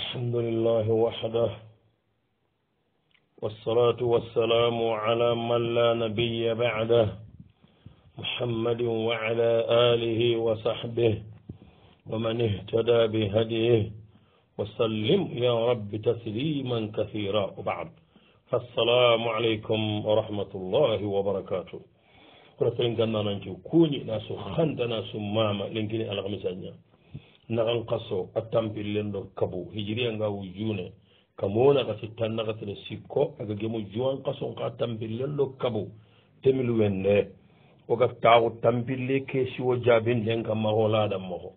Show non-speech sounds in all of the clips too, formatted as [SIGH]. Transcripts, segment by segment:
الحمد لله وحده والصلاة والسلام على من لا نبي بعده محمد وعلى آله وصحبه ومن اهتدى بهديه وسلم يا رب تسليما كثيرا وبعد فالسلام عليكم ورحمة الله وبركاته kura sen ganna nan ci kuñi na su xanta na nahan kaso a tampirilendo kabu hijiriya nga wu juune kamona kati tanna katene sikko aga gemu juwan kason ka tampirilendo kabu temilu wende oga tawu tampirle keesiwo jaabinden ka maholaadan moho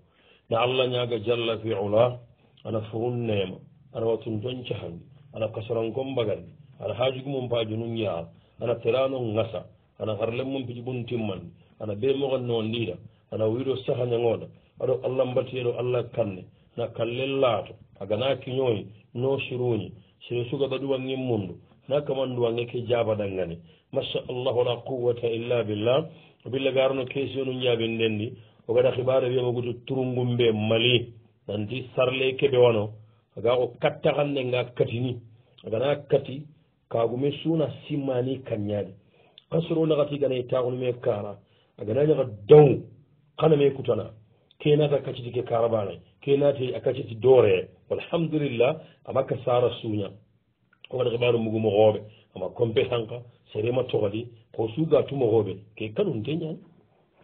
na allah ñaaga jalla fi ula ana furun neema ana watun ton cahandi ana kasorankon bagandi ana haajugumum paajunun yaal ana terano ngasa ana harlen mum pijibun timmandi ana bee mogo noondiida ana wiido sahañangooda aɗo allah mbatiyeɗo allah kanne na kallellaato agana kiñoyi no siruñi sire suga ɗaɗuwangin mundu na kamanduwange ke jabaɗangane masa allahu la quwata illa billah billa garno keesio nu jabindendi o gada hibaro wiyama gudi turungumbe mali nanti sarle keɓe wano aga ko katta hande nga katini agana kati kagume suna simmani kanñade kasoro nakati gana tagunume kara agana ñaka daw kaname kutana kenat a kacciti ke karabane kenati a kacciti doore alhamdulillah ama ka sara suña owaɗa heɓano mugumoxooɓe ama compé tanka serema toxali ko suga tumoxooɓe ke kanum deñani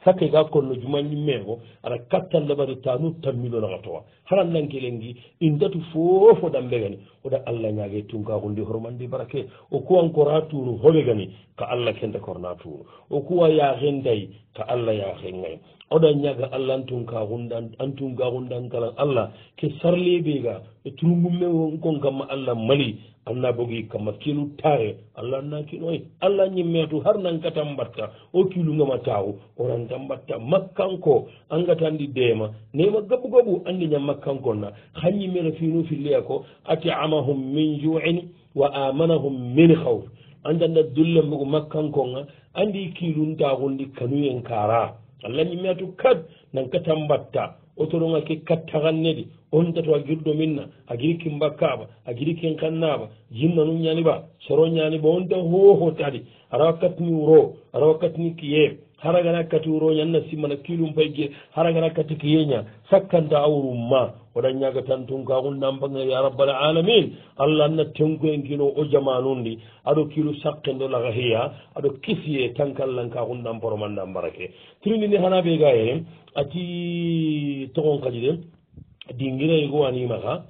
sakke ga konno jumañi mego ara kattallabari tanu tammilo naxa towa haran lankelengi indatu fofo dambegani oɗa allah ñaage tunkahundi hormandi barake o kuwa kora tunu hoɓe gani ka allah kende korna tunu o kuwa yaahe dayi ka allah yaahe gay oɗa ñaga allah antunkahundan antunkahundan kalan allah ke sarleɓega e turgumme kon kamma allah mali anna bogi kamma kilu tare allah anna kinoy allah ñimmetu har nankatan mbatta o kilu gama tahu oranta mbatta makkanko angatandi deema neema gabu gabu andiña makkankonna ha ñimmeno fino filleya ko ati am at'amahum min ju'in wa amanahum min khawf andanda dullambugu makkankonga andi kiluntagundi kanuyen kara allah ñimmiyatu kad nan katan batta otoɗon ake kattagannedi on tato a girɗo minna a giri kin bakkaba a giri kin kannaba ba num ñaniba ba ñaniba on ta hohotaɗi aɗa wakkatini wuro aɗa ni kiyeɓe haragana kkati uroñanna simmana kilum paygge haragana kkati ke yeña sakkanta awrum ma oɗan ñaga tan tun ka un nambagari ya rabbal alamin allah anna tenku en kino o jamanundi aɗo kilu sakkendo laga heya aɗo kisiye tan kallan ka un namporomanda mbarake trinini hana ɓe ga ye ati togon kadi de dinguirayi e gowanimaka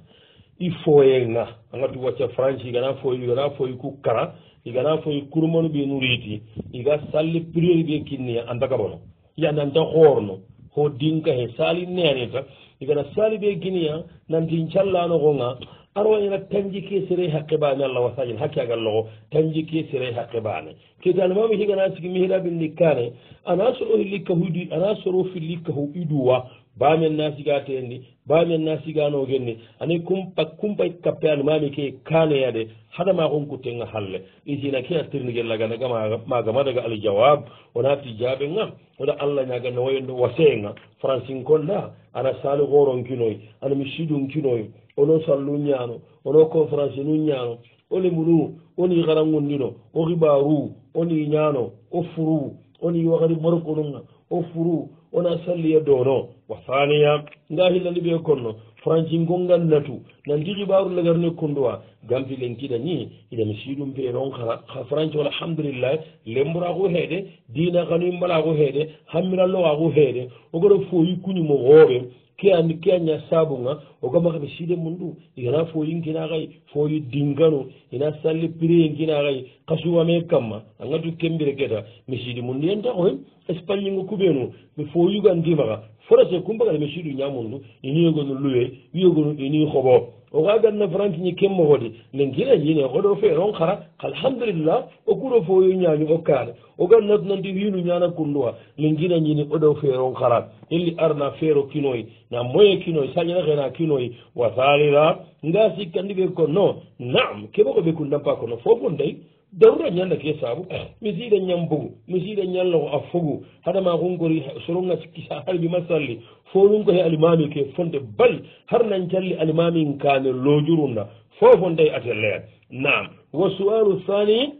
i foyenga anga tu wacca franci gana foyi gana foyi ku kara igana foyi kurumanu ɓe nuriti iga salli prier ɓe kinniya antagabono ya nanta hoorno ho dinka he sali neanita igana sali ɓe giniya nanti callanogonga arwayana tanji ke sere haqqe bane allah wasajin hakke agal logo tanji ke sere haqqe bane kedanmami higana sigi mihiraɓinni kane ana soro hillikkahu ana soro fillikkahu iduwa bamen nasigate en ni bamen nasiganogen ni ani kumpa kumpa kappe an mami ke kaneyade hadama konko tenga halle isina ke a tirniguel laganaga magama daga aljawab onati jaɓenga oɗa allah ñaganno wayno wasenga francin konna ana sali horonkinoy ana misidunkinoy ono sallu ñano ono conférence nu ñano oni munu oni xarangondino o xibaru oni ñano o furu oni waxari morokonunga o furu wona salliya e dow no wa haniya nga hillani ɓe konno franci gongal natu nanti jubarullagarni kunduwa gampi len kiɗani iɗani siɗum pe non kara ha franci alhamdulillahi lemburaku heede dina kanu mbalaku heede hammiralloaku heede ogoɗo foyi kuñumo hooɓe kean keaña sabunga o gama kami side mum ɗum igana foyi kina xay foyi dingano ina salli prien kina xay kasumame kamma a gatu kembire keta mi sidi mum ɗu yenta xoy espagnengo kuɓenu mi foyugandimaxa forase kumbagata mi sidu ñamundu ini yogonu luwe wiyogonu ini xoɓo o waganna franciñi kemmohode nde gila yine oɗo feere on hara alhamdulillah o kuro fo yo ñaami okkade o gannatnanti winu ñana kunduwa nde gina ñini oɗo feere on hara helli arna feero kinoy na moye kinoy sañana hena kinoy wa salira nga sikkandiɓe ko no nam keɓo koɓe kundampa kono fofon dayi dawra ñalla ke saabu misiiɗa ñam bogu misiiɗa ñalla ko a fogu haɗama kongori soronga kisa halmima salli fowɗum ko he alimami ke fonde bal har nan calli alimami kaane lojurunna fofontay atelleyat nam wo sual thani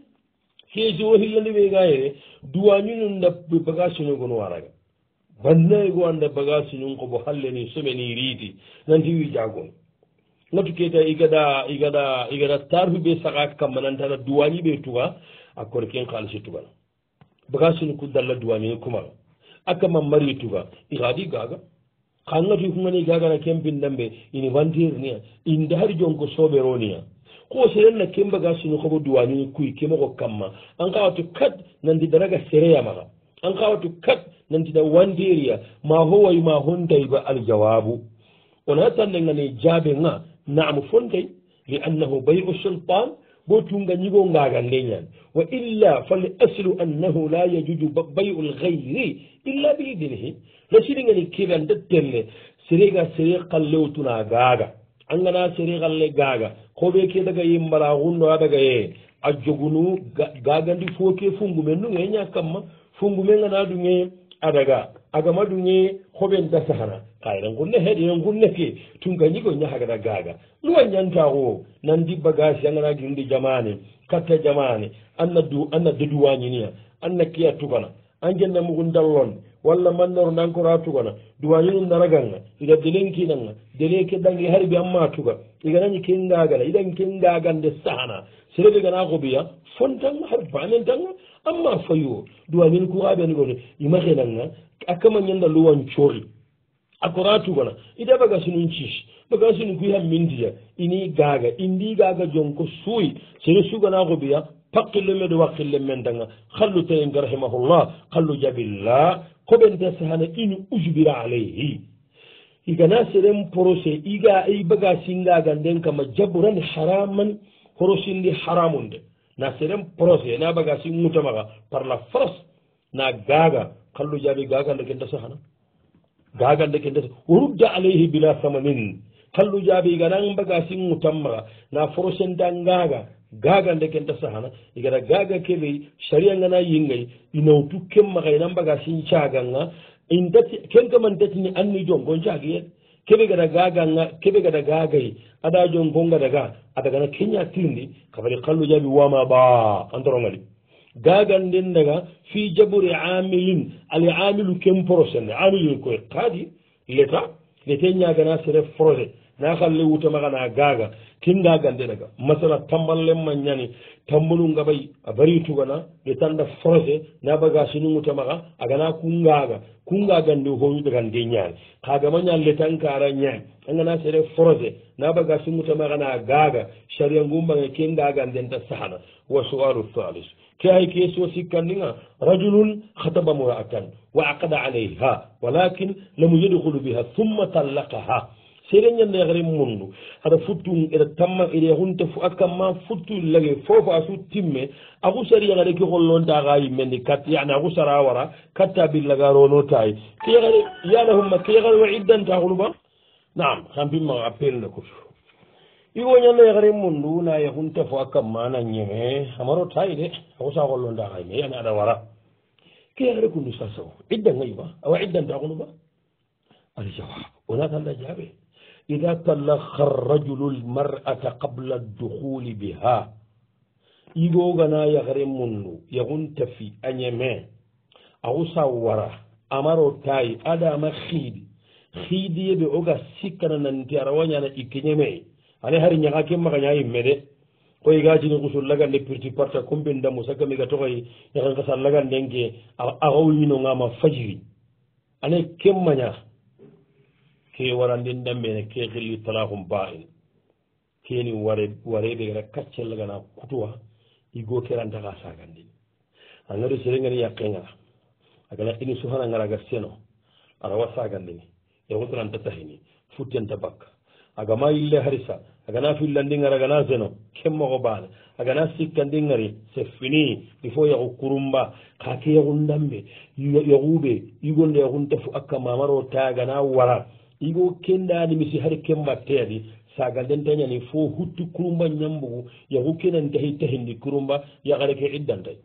heesi o hillande ɓe gayere duwañunu dabbe bagage sunu gono waraga bannayi go anda bagage sunun ko bo halleni someni riiti nanti wi jagono ngatu keta igaɗa igaɗa igaɗa tarfi ɓe sakaka kamma nantaɗa duwani ɓe tuga a kore ken haalisi tugal baka sin ku dalla duwani kumal akama mari tuga ihaadi gaga ha ngatu kugani gagana ken bindanɓe ini wantir niya inde hari jonko soɓe roniya ko serenna ken baga sinu kabo duwanini kuy kemogo kamma an kawatu kat nanti daraga sereya maga an kawatu kat nantiɗa wandiriya ma howayi ma hontayiba aljawabu onatannegani jaabe ga نعم فنتي لأنه بيع الشلطان بوتونغا نيغو نغاغا لينيان وإلا فالأصل أنه لا يجوز بيع الغير إلا بإذنه لسيرينغا نكيبا ندتل سريغا سريغا قلوتونا غاغا عندنا سريغا اللي غاغا خوبي كي دقا يمبرا غنو دقا يه أجوغنو غاغا دي فوكي فنغو منو نغي نيا كما فنغو منو نغي أدقا agama ɗumye hoɓen dasahana kayra gurne heeɗe yo gurneke tun gañi ko ñahagata gaaga ɗuwa ñanta o nan dibba gasi angana girude jamane katta jamane anna du anna deduwañiniya anna kiya tugana an jenna mugun dallon walla mannaru nankora tugana duwañinu naraganga iga delenkinanga dele keɗɗange hari bi amma tuga iganañi ken gagala iɗan ken gagande sahana serebe gana koɓiya fon tan har banen tanga amma fayu o duwamin kuraɓengone imahenanga akamañanda luwan cori akoratugona ida baga sinum cis baga sinu kui ha mindiya ini gaga indi gaga jonko suuyi seni sugana hobiya pakkillemedo wakkillemendanga hallu teyenga rahimahullah hallu jabillah koɓente sahana ini ujbira alayhi igana seren procé iga i baga singaga nden kama jaburani haramani horosindi haramu nde na seren proce na baga si mutamaga par la force na gaga kallu jaabi gagande kenda sahana gagande kenda urudda alayhi bila samanin kallu jaabi ganan baga si mutamaga na force ndan gaga gagande kenda sahana igara gaga kebe sharia ngana yingay ina utukke magay nan baga si chaganga indati kenka man tetni anni jongon jagiye keɓe gada gagaga keɓe gada gagay aɗa jon bongada ga aɗa gana keña tirndi kabari kallu jaabi wama ba antorongali gagal nden daga fi jaburi amilin ali amilu kem procene amilin koye kaadi leta lete ñaganasere projet naxa lewuta maxana gaga kinga gandenaga masala tamban lenma ñani tambanunga ɓay a bari tugana ɓe tanda froce na baga sinunguta maxa agana kungaga kunga gande hoñudagande ñani kagamaña letankara ñani angana sere froce na baga sinunguta maxana gaga saria ngumbange kenga gandenta saxana wa soalu halis ke ay question sikkandinga rajulun xataba moraatan wa aqada aleyha walakin lamu yedhulu biha summa tallakaha sereñandeyaxare mondu ata futtun eta tamma ede xunte fu askanma futtu lage foofo a suttimme axu sariyaxare ki xollontaxa yimmendi kat yani axu sara wara katta billaga rono tay keyaxare yalahumma keyaxare wa iddantaxuluba naam xampimmaxa appel le kut igoñandeyaxare mondu na yexunte fo akanma na ñeme amaro tay de axu sa xollontaxa yimme yani ada wara keyaxare kundu sasow iddangayiba awa iddantaxunuba alijawab onatanda jaɓe ida talakha rajulu lmarata qable adduhuli biha igogana yahre mundu yahuntafi añeme awu sawara amaro tayi adama xiidi xiidi yeɓe oga sikkana nanti arawañana ikkeñeme ane hari ñaha ke maxaña yimme de ko iga jini usul lagande pirti parta kumbinda musagamiga toxoy ñahankasa lagandenke axawinongama fajiri ane kem mañaa ke warandinɗa mene ke xilli talahum bain keni wareɓe gata kaccellagana kutuwa igo kerantaxa sagandin angadi serengani yaqengala agana ini sufana ngaraga seno arawa sagandini yaxutananta e tahini futtenta bakka agama yille harisa agana fillandi ngara agana seno ke moxo bane agana sikkandi ngari se fini i fo yaxu kurumba xa ke yaxundanɓe yaxuɓe igonda yaxunta fu akka mamaro ta agana wara ingo kenndaani mi si hade kembatteedi saagal nden tañani fo hutti kurumba ñambugu yahu kenani tahi tahindi kurumba yahare ke iddantay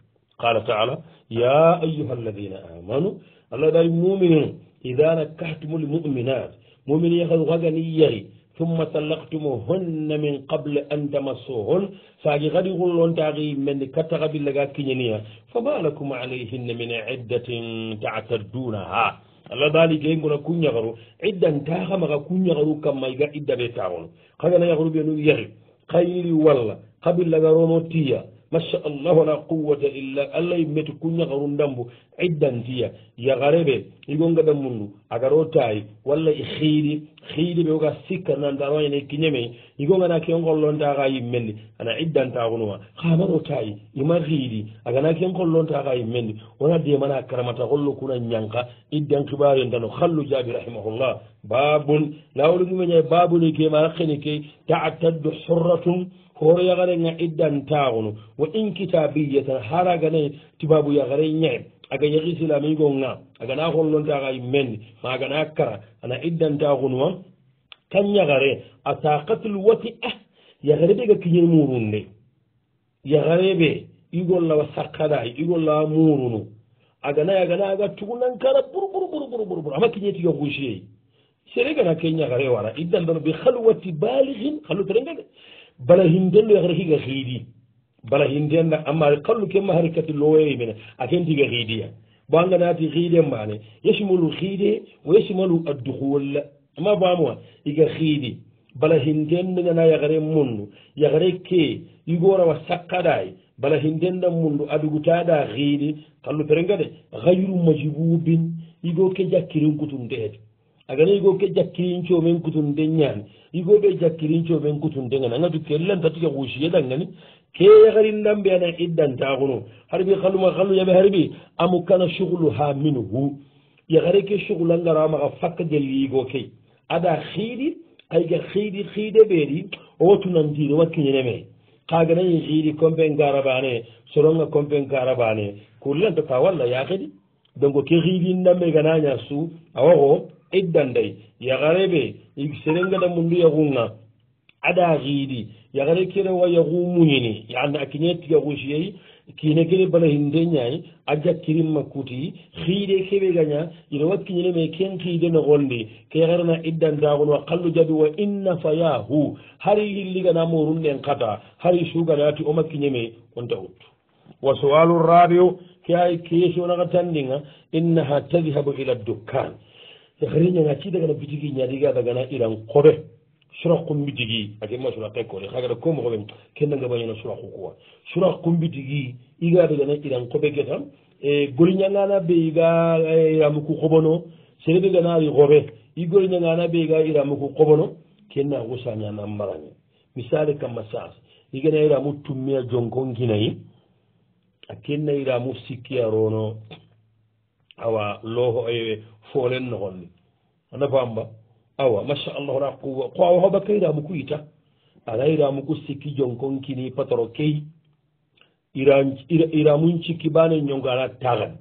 qala taala ya ayuha alladina amanu allah ɗawi muminin ida nakahtumu lmuminat mumin yahad hagani yahi tumma tallaktumu honna min qable an tamassuhun saagi hadi hullontaaki menni kattahabillaga kiñaniya fama lakum alayhinna min iddatin taatardunaha alla baali gay ngona kuñagaru iddantaaxa maxa kuñagaru kamma iga idda ɓe taxonu xaganayaxuru ɓenu yaxi xayiri walla xabillagarono tiya machallah wala quwata illa allah yimmeti kuñakaru ndambu iddantiya yakareɓe igongeɗa mundu agaro taayi walla i xiiɗi xiiɗi ɓe oga sikka nantaroñane kiñemei igongana ken qollontaaka yimmendi ana iddantaakunuma xamaɗo taayi ima xiiɗi agana ken qollontaaka yimmendi wona demana karamata qollo kuna ñanka iddan xibaruyentano xallu jaabi rahimahullah babun lawolugimeñay babuni ke maraqini ke taatadu xurratum hooro yagare ga iddantaagunu wo inkitabiyatan haraganayi tubabu yagare ñahe aga yagi silamigo ga agana hollontaagay menni ma agana kara ana iddantaagunuwa kan yagare a sakatul wati ah, a yagare ɓe ga kiñen murun de yagare ɓe igollawa sakkada igollawa murunu aganayi agana aga tugunan kara burburburburburburbur ama kiñetiga gusiyeyi sere gana ke yagare wara iddantano ɓe halwati baligin halu terengade bala hindenɗo yakata higa hiidi bala hindenɗa amma kallu kemma hari kati lowoye mene aken tiga hiidiya banganati hiiden mane yashimulu hiide wo yashimalu adduhuwol amma bamuwa iga hiidi bala hindenɗo nana yakare mundu yakare ke igorawa sakkaɗayi bala hindenɗa mundu adugutaɗa hiidi kallu perengade hayru majibubin igo ke jakkirin kutum tehetu aganayi go ke jakkirincoomen kutunde ñaani yigoɓe jakkirincoomen kutunde ngani anga du kellantatuke kuusiye dangani ke yakarindambe ana iddantaakunu har bi halluma hallu yame har bi amu kana suhulu ha minhu yakare ke suhulu angara maga fakka gelli yigo ke ada xiidi ayga xiidi xiide ɓeeɗi owotunantiini wa kiñene me kaganayi xiidi compen garabane soronga compen garabane kurilantata walla yaakidi donc ke xiidindambe ganaña su awaxo iddanday yagareɓe serengeda mundu yahunga ada xiidi yagare kere wa yahu muñini yani a kine tiga xusiyey kine gere bana hinde ñaay a jakkirin makkuti xiide keɓe gaña ina wat kiñene me ken xiide noxondi ke xerana iddantaxunwa xallu jaɓi wa inna fayahu hari xilligana morun ɗen xata hari suganati oma kiñeme onta ut wa soalu rabiu ke ay question naxa tanndinga innaha tadihabu ila dukane E riñanga ci dagana bitigi ñadiga dagana iran kore surak kumbi digi akema surake kore hagara komoxoɓe kenangabañana suraku quwa surak kumbi digi iga dagana iran koɓe geta goriñangana ɓe iga iramuku xoɓono sere ɓe ganari xoɓe i goriñangana ɓe iga iramuku xoɓono kenna xusañana marañe misali kamma sas igana iramu tummiya jonko nginayi a kenna iramu sikkiya rono awa loo e, foolen no holni ana famba awa machallah ra quwa ko awa hoɓa kayramu ku yita ala iramu ku sikki jonkon kini patoro key iramun cikki bane ñongala tagan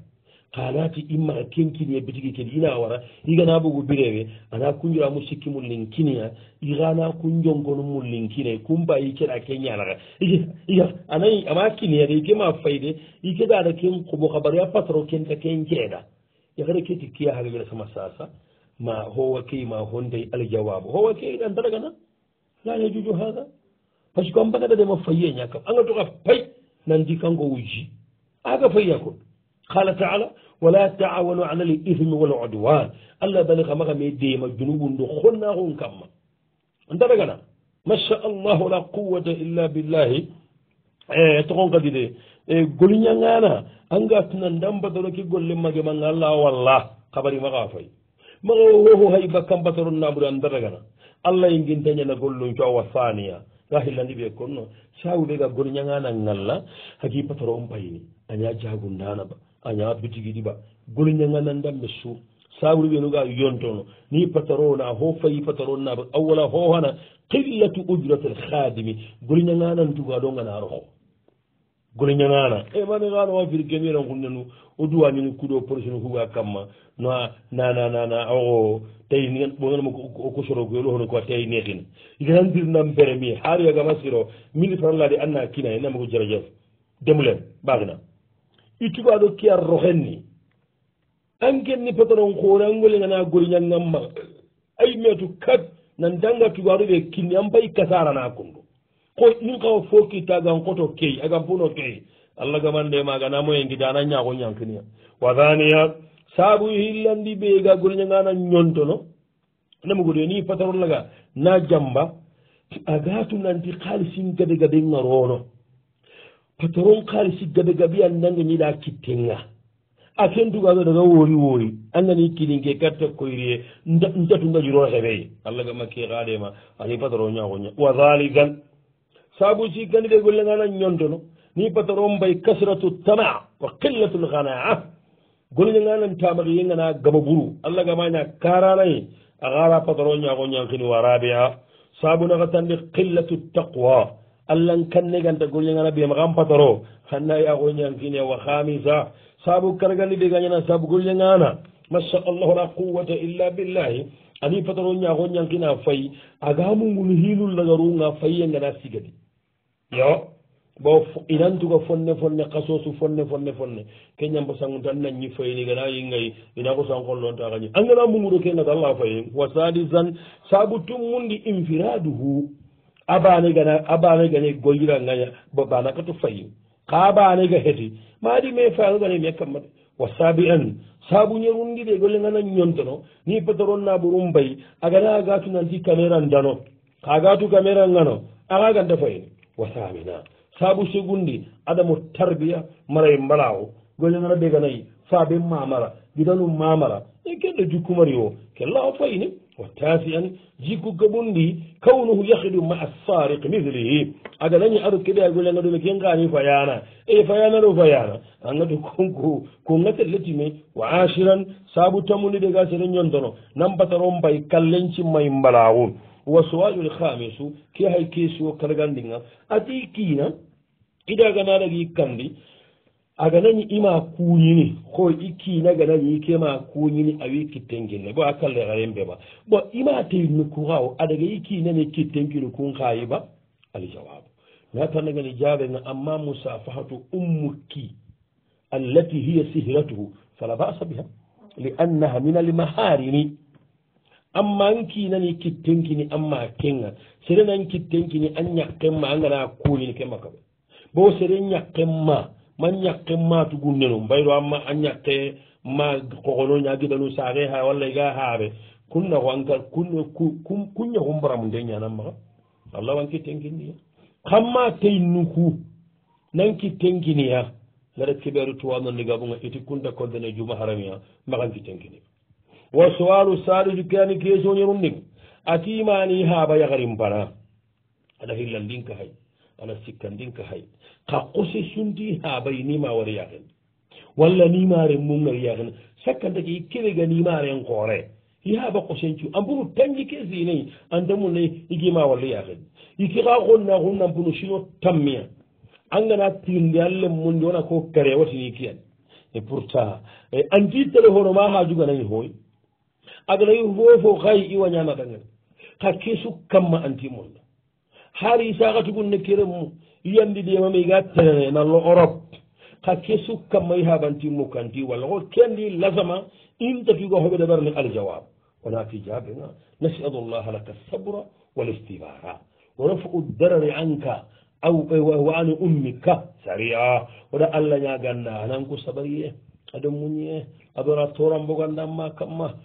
kalati imma kenkinie bitigi kedi ina wara igana ɓogu birewe ana kunjuramu sikki mullin kinia igana kun jongonu mullin kine kumba ikeɗa ke ñalaka ana ama kiniade ikema fayde ikedaɗa ken kuɓo habaru ya patoro kenta ken jeeɗa يغري كي تكيا هاجي غير سما ساسا ما هو كي ما هون دي الجواب هو كي ان درغنا لا يجوز هذا باش كون بغا دي ما نياك ان تو غف باي نندي وجي اغا فيي كون قال تعالى ولا تعاونوا على الاثم والعدوان الا بلغ ما مي دي ما جنوب ندو خنا هون كما ان درغنا ما شاء الله لا قوه الا بالله ايه تقول قد ايه eyi golñangana angatna ndambataro ki golle magge ma ngalla walla habari maga fay maga woho hay bakkam batoro namri andaragana allah e guintañana gollum cowa saniya ga hillandi ɓe konno sawuɓe ga golñangana ngalla hagi batoro on payni aña jagundana ba aña bitigui ɗiɓa golñangana ndambe suur sawuri ɓenuga yontono ni patarona ho fayi patarona awala hohana qillatu ujratel khadimi golñanganantugaɗo ngana roho gole ñanana eh, e mami ano wa fir gemi ran hunnenu o duwanini kuuɗo projet no huga kamma no nanana awo tawi ɓoganmao kosoro koyelo hono koa tawi neehina yitandirnam bere mi haaru yagama siro mili fanngade anna kina enama ko jerajef demulen ɓagna ittugaɗo kiyar rohenni an kenni petoron hoore an golingana goli ñangamma ayi metu kat nan dangatugaɗo ɓe kinni an bayi kasarana kondu ko ɗin kawo fokkitta gan koto key agan puno key allah gamandemaga namoyen gida ana ñako ñankiniya wadaniya saabu hillandi ɓeega gureñangana ñontono namugudo ni patarollaga na jamba agatu nanti haalisin gade gade garono patron haalisi gade gabiya nange ñiɗa kittenga a kentugaga daga woori woori annani kilinke katte koyrie ndatu ngajuro heɓeye allah gamakke haalema ani patron ñaoña wa dhaligan sabu si gani de golle ngana nyondono ni pataron bay kasratu tama wa qillatu al-qana'a golle ngana tamari yengana gaba buru Allah gama nya karanai agara pataron nya go nya kini warabi'a sabu na gatan qillatu taqwa allan kanne ganta golle ngana be magam pataro hanna ya go nya kini wa khamisa sabu kargani de ganyana sabu golle ngana masha Allah la quwwata illa billah ani pataro nya go nya kina fai agamu ngun hilul lagaru nga fai yengana sigadi yo bo inantuga fonne fonne kasosu fonne fonne fonne ke ñambo sangu tan nañi fayni gana yingayi ina ko san kollon taxañi angana mumuro ke ngata alla fayin wa sadisan saabu tummundi infiraduhu abane gana abane gane goyira ngaña bo banakatu fayin ka bane ga heti maadi me fayo gane me kammate wa sabian saabu ñerundi de golle ngana ñontono ni patron na ɓorum bay agana gatu nanti caméra ndano ka gatu caméra ngano aga ganta fayini wasamina saabu segundi adamo tarbiya maraye mbalawo goñangana deganayi faabe mamara gidanu mamara e kelle jukkumari o kella o fayine wa tasian jikku gabundi kawnuhu yahdu maa sariqe mislihi aga nañi aɗo keɗe a goñanga ɗume ke gani fayana e fayana ɗo fayana angatu konko ko gatelle time wa ashiran saabu tammudi ɗe ga sere ñontono nampatar o mbay kallencimmay mbalawo wa suwalu lhamisu ke hay kesiwo kalgandinga ati kina ida gana dagi kandi aganañi ima kuñini ho i kiina ganañi kema kuñini awi kittenginne bo a kalleharen beɓa bo ima teyinni kuraw adaga i kiinani kittenkinu kun hayi ba aljawabu natannagani jarena amma musafahatu ummuki allati hiya sihratuhu fala basa biha li annaha min almaharimi amma n kiinani kittenkini amma kenga serenan kittenkini an ñakkenma a ngana kuulin kema kaɓe bo sere ñakkenma ma ñakkenma tugunneno mbayro amma a ñakke ma kogono ñagidanu saxe ha walla ga haare kunnaxo anka kun ñaxu mbaram nde ñanamaxa allah wan kittenkinniya xamma tey nuku nan kittenkiniya ngaret keɓeeru tuwanoligaɓunga iti kunta koddene juma haramiya maxan kittenkinia wo sowalu salihu kani kesoñorunnik atimani ha bayakarim bana aɗa hillal ndinka hay aɗa sikkan ndinka hay ka kose sunti ha bay nima wara yaken walla nimare mumnar yaken sakkantake i kewega nimaren koore yihaba kosencu ampunu tanji ke sinayi antamunnayi igima walla yaken iki ka konna kunna mpunu sino tammiya angana tirndi allen mundi wona ko kare watini kiyan e pourtant e anti téléphone ma ha juganayi hoy aganayi fofo hay iwa ñamagangani ka kesu kamma antimonda haari isakatugun ne keremu yandi ɗemame ga terere nallo europe ka kesu kamma i haɓantimmo kanti walla ko kendi lasama intafigo hoɓe ɗaɓarni aljawab wona fi jaɓega nasiadu llah laka sabra walistibara ورفع الضرر عنك أو وعن أمك سريعا ولا الله يا جنة أنا أنكو صبرية أدمني abara toran bo gandan ma kamma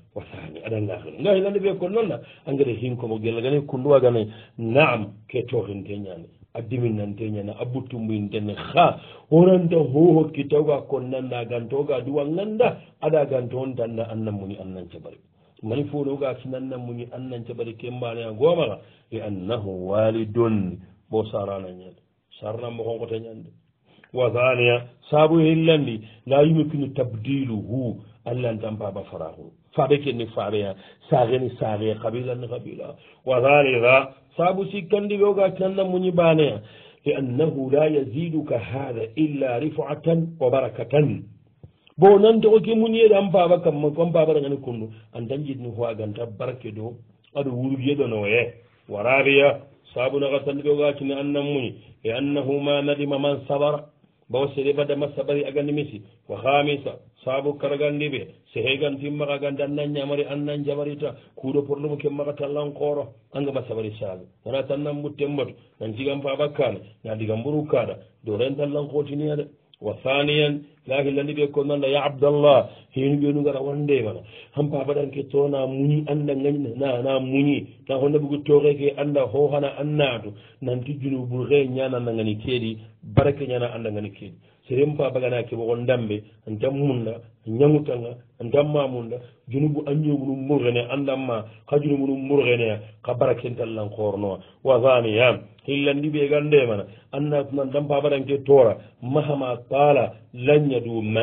aɗannakan ga hilande ɓe kon noon na engrais hinkomo gella gane kunduwa gane naam ke tooxinte ñane a diminante ñane a buttumbuyintene ha woranta hohokki tawga kon nanda ganto ga duwa ganda aɗa ganto on tanda annan muñi annan cabari mani fo noga sinannan muñi annan cabari ke mbaneya goomaga e annahu walidon bo sarana ñande sarnanmo konkote ñande wa haniya saabu e hillandi na yimikino tabdiluhu allahntan baba farahun faɓe kenni faɓeya sareni sare kabilani kabila wa halia saabu sikkandi ɓeoga canna muñi baneya li annahu la yaziduka hada illa rifatan wa barakatan bo nantoxo ke muñeɗan baba kamma an babarangani kunnu andan jidni ho aganta barke do aɗo wurgeɗonoye warariya saabu naxa tandi ɓeoga cini annan muñi li annahu ma nadima man sabara bawa sede bada massa ɓari agandi misi ko hamisa saabu karagandi ɓe sehegan timmaka gandi annan ñamari annan jamarita kuuɗo porlomo kemmaka tallan kooro anga massa ɓari saabi wona tannan mbutten mbatu nan jigan fa bakkane na digan mburu kaaɗa dorain tallan kootiniyade wa saniyan laaki lani ɓe ko nanda ya abdallah heni ɓe nugara wande mana han ke to na muni anda ngani na na muñi na to ke toxeke anda ho hana annatu nanti junubur xe ñananda gani keeɗi barake ñana anda ngani kedi. serem pa baganake wogon dambe ndam munda ñagutanga ndamma munda junubu añomunu murene andamma ka junubunu murenea ka barakentallankoornoa wasaniya hillandi ɓe gandemana anna tuna ndam pa baɗanke toora mahama paala lanña ɗumma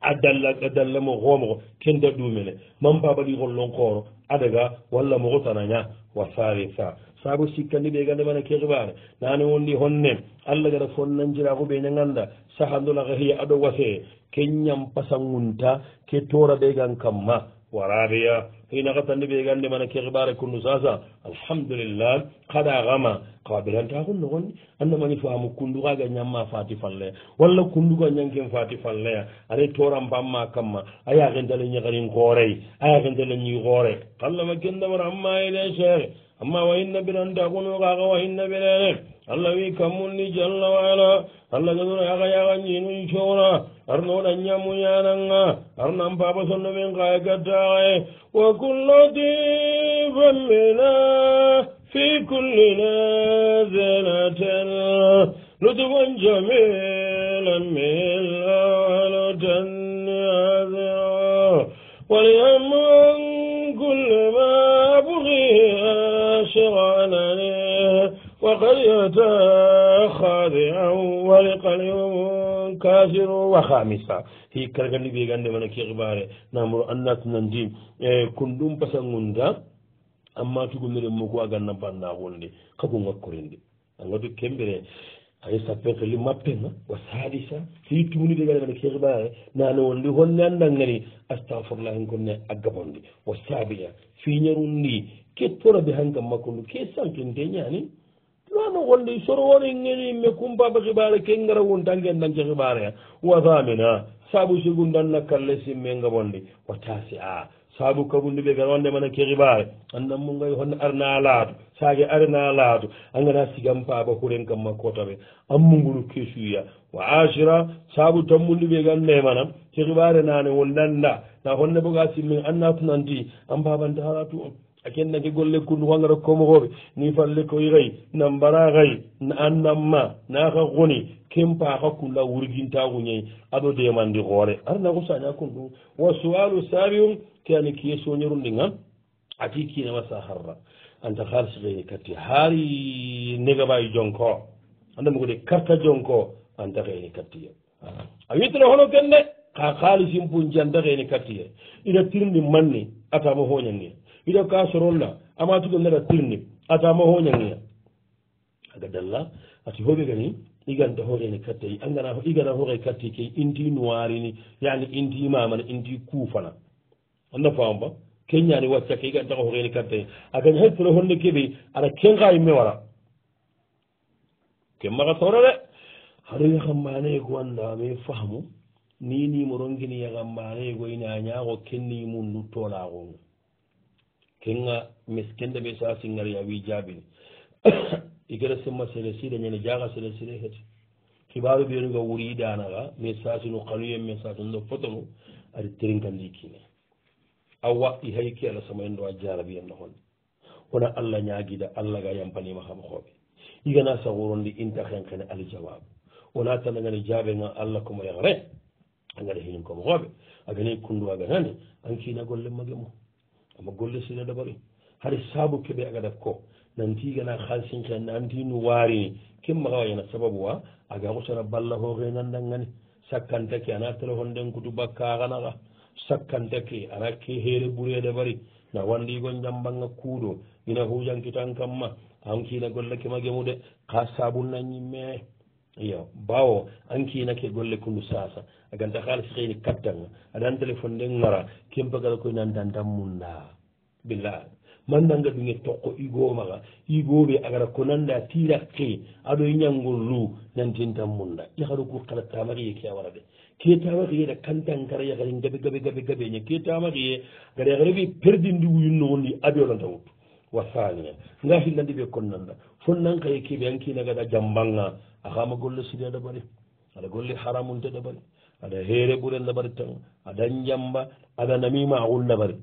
a dalla a dalla mo xoomoxo kenta ɗumene man pa baɗi xollonkooro adaga walla moxo tananña wa salisa saabu sikkandi ɓe gande mana kekibar nane wonni honne allah gara fonnanjira ko ɓeña ganda saha dolaka hiya aɗo wase keñam pasangunta ke tora ɓe gan kamma waraɓeya hinaka tandi ɓe gande mana kekibar kunu sasa alhamdulillah kaɗa gama kawa ɓiranta kon nogonni annamani faamu kunduaga ñamma fati falleya walla kunduga ñanken fati falleya ara toran pamma kamma ayaxentale ñakarin koorey ayaxentale ñi koore kallama kendamara amma ele cheikh amma wahinna biranda kunu kaka wahinna birene allah wi kammunni jalla waala allah gadura yaka yaka njinun shora arno danya muyananga arno ampapa sonno min kaya gadaaye wa kullu dhifan mina fi kulli nazilatan nutuban jamilan mila walatan nazira wa liyamun kulli ma bughiya يشفق عليه وقد يتخذ أولق اليوم كافر وخامسة هي كرغن لي بيغان دي منكي غباري نامرو أنات نندي كندوم بسنون دا أما تقول لي موكو أغان نبان ناغون دي كبو مكورين دي أنا دي كمبيري aye sappeke li mappenga wa salisa si tumni degane gane kexibare nane wonde holle andangani astahfirullahi konne a gabondi wa sabia fiñarundi kettora de han kam makko ndu kessanken deñani ɗano golle soro wono ngeni yimɓe kumbaɓe heɓare kengara won tanke dañce heɓare a wasamina saabu sigun danna kalle simme gabonde wattase a saabu kabunde ɓe garonde mana ke heɓare annanmu gay honno arna laatu saage arna laatu a gana sigam paba huren kam makkotaɓe ammugunu kesuya wa asira saabu tammundu ɓe gande mana ke heɓare nane won danda na honne boga simmen annatunanti an babantaratu on aken nake golle kun wangara komoxooɓe ni falle koy xay na mbara xay na a namma naaxa xuni kem paaxa kunla wurgintaaxuñay aɗo demandi xoore arna xu saña kundu wa soalu sabium ke ani kiye soñeru ndinga ati kiinama saxarra anta xaalis xeene katti xaar negabaay jonko andamogo de karta jonko anta xeene kattiye a witna xono ken de xa xaalisim pu njanta xeene kattiye ina tirndi manni atama xooñanne hiɗo ka sorolla ama tuɗo nara tirni atama hoñaniya aga dalla ati hoɓe gani iganta hoorene kattei angana igana hoore katte ke inti noirini yani inti mamana inti kuufana anna famba keñani wacca ke igantaa hoorene kattei agani hayfoto honde keɓe aɗa ken kayi mewara ken maxa sawra de haɗo yahammane go anda me fahmu ni nimoronkini yahammane goyna ñaaxo kennimu nduttolaxonga kenga miskenɗe [COUGHS] ɓe sa singari a wi jaabini igere simma sere sire ñande jaaga sere sire heti kibaru ɓiyonuga wuri yiɗanaga mi sasinu kanuye mi sasinuɗo fotonu aɗa terinkandi kine a waɗɗi hay ki allah sama endo a jarabiyen nohon wona allah ñaguida allah ga yampanima kam hooɓe igana sagurondi inta hen kene ali jawabu wona tanagani jaabega allah komo yahre agaɗa hinin komo hooɓe agani kundu aganani ankinagollemmage mum amma golle sene dabaru haɗa saabu keɓe agadaf ko nantigana haalsinke nanti no waarini kimmaka wayana sababu wa agamusana balla ho renandangani sakkantake ana téléphone ɗenkutu bakkaganaka sakkantake ana ke heere ɓurede bari na wandigon jambanga kuuɗo ina hujankitan kamma ankina gollakimagemude ka sabu nañimme iyo bawo ankinake golle kundu sasa aganta haalasi heyni kattanga aɗan téléphone nde gara kempagala koye nanda dammunda billa mandanga ɗum e tokko igomaga igoɓe agara ko nanda tirakke aɗo e ñangol lu nantin dammunda yahaɗo ku kala tamariye ke a wara ɓe ke tamariye ɗa kantankara yahari gaɓe gaɓe gaɓe gaɓeña ke tamariye gara yahareɓe perdindi wuyunno wondi abiolanta wuttu wasanina ga hillandi ɓe konnanda fonnan kaye keɓe ankinagaɗa jambanga a hama golle siɗi a ɗaɓari aɗa golle haramunte ɗaɓari aɗa heere ɓuren ɗaɓari tan aɗan jamba aɗa namima awul ɗaɓari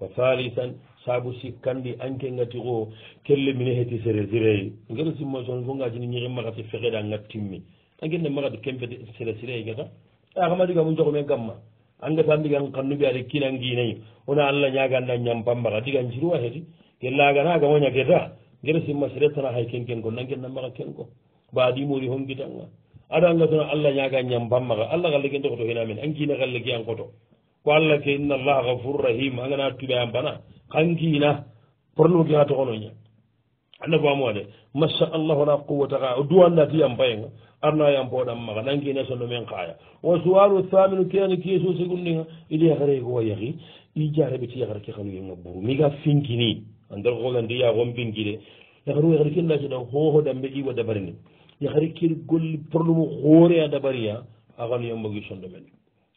wa halisan saabu sikkandi anke gati o kelle mine heti séresireyi gen simmason fongasini ñiri magati fexeɗa ga timmi agende magati kempeti séresireyi gata e a hama diga mu joxome gamma angatan digan kannu ɓe aɗa kinanginayi ona allah ñaganda ñampammaga digan siruwa heti ke laganagamo ñaketa gere simma sere tana hay kenken ko nangenna maga kenko mbaɗimori honguitanga aɗa anga tona allah ñaga ñam bammaka allah kalla kende koto henamen ankina kalla kiyan koto ko allah ke inna allah gafourrahim angana tuɓeyan bana kankina porno kiha toxonoña anna famoa de masa allahu la quwata ka o duwannati yam payenga arna yam poɗan maka nankina sono men kaya wa suwalu thaminu kiyani kiyeso segundinga ide yakhare kowa yahi i jareɓe ti yakhar ke xanuyenga buru miga finkini andar kogandi yagon binkide yakhar yakhar kenlaceɗa xoxo dambe iwa dabarini yahari kiri golli porlumu hoore a dabariya akano yambogi sondo men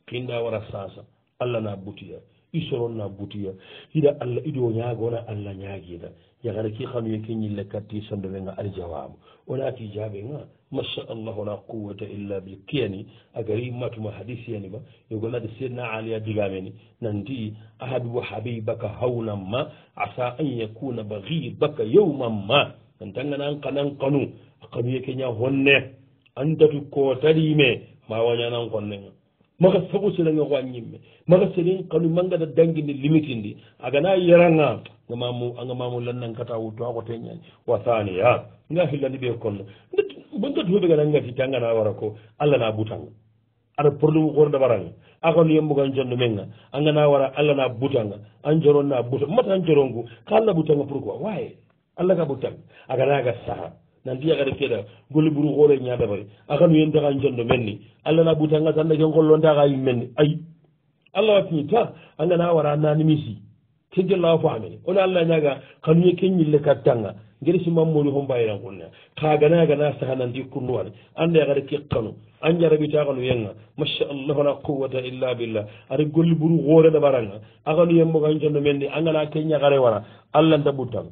kinɗa wara sasa allah na butiya isoron na butiya hiɗa allah iɗo ñagona allah ñaguida yahara ki hanuye ki ñille katti sondo men ga aljawabu onaki jaabe ga machallah wona quwata illa bi kiyani agari matuma hadis yanima yo gollade seydna aliya digameni nandi ahabibu habibaka hawnan ma asa an yakuna bahi baka yawman ma nantanganan kanan kanu akam yeke ña honne antatu kootariime ma wañanan konnega maka sago serange ko añimme maka seri kanu mangata dangindi limitindi agana yeranga gamamu anga mamu lannan kata wuddo ako teñani wa thaniya nga hillani ɓe konno bontatu hoɓe gana ngati tangana wara ko allah na butanga aɗa probléme gorde waranga akono yembugan jonno menga angana wara allah na butanga an joronna buta mata an joronngu ka allah butanga pour quoi waye allah ka butanga aganaga saha nan ndiya gade keeɗa golle ɓuru koore ñadabare akanu yentaka jondo men ni allah na ɓuta nga tannake ngollontaka yim men ni ayi allah wattini ta angana wara nanimisi tejjollawa fo amene ona allah ñaga kanuye keñille kattanga gede si mammodi ho mbayiran kolne kaganagana saha nandi kurnuwane annde kade kekkanu an jarabitakanu yenga machallah wala quwata illa billah ada golli ɓuru koore ɗabaranga akanu yembo kan jondo men ni angana keñagare wara allah nda ɓuttanga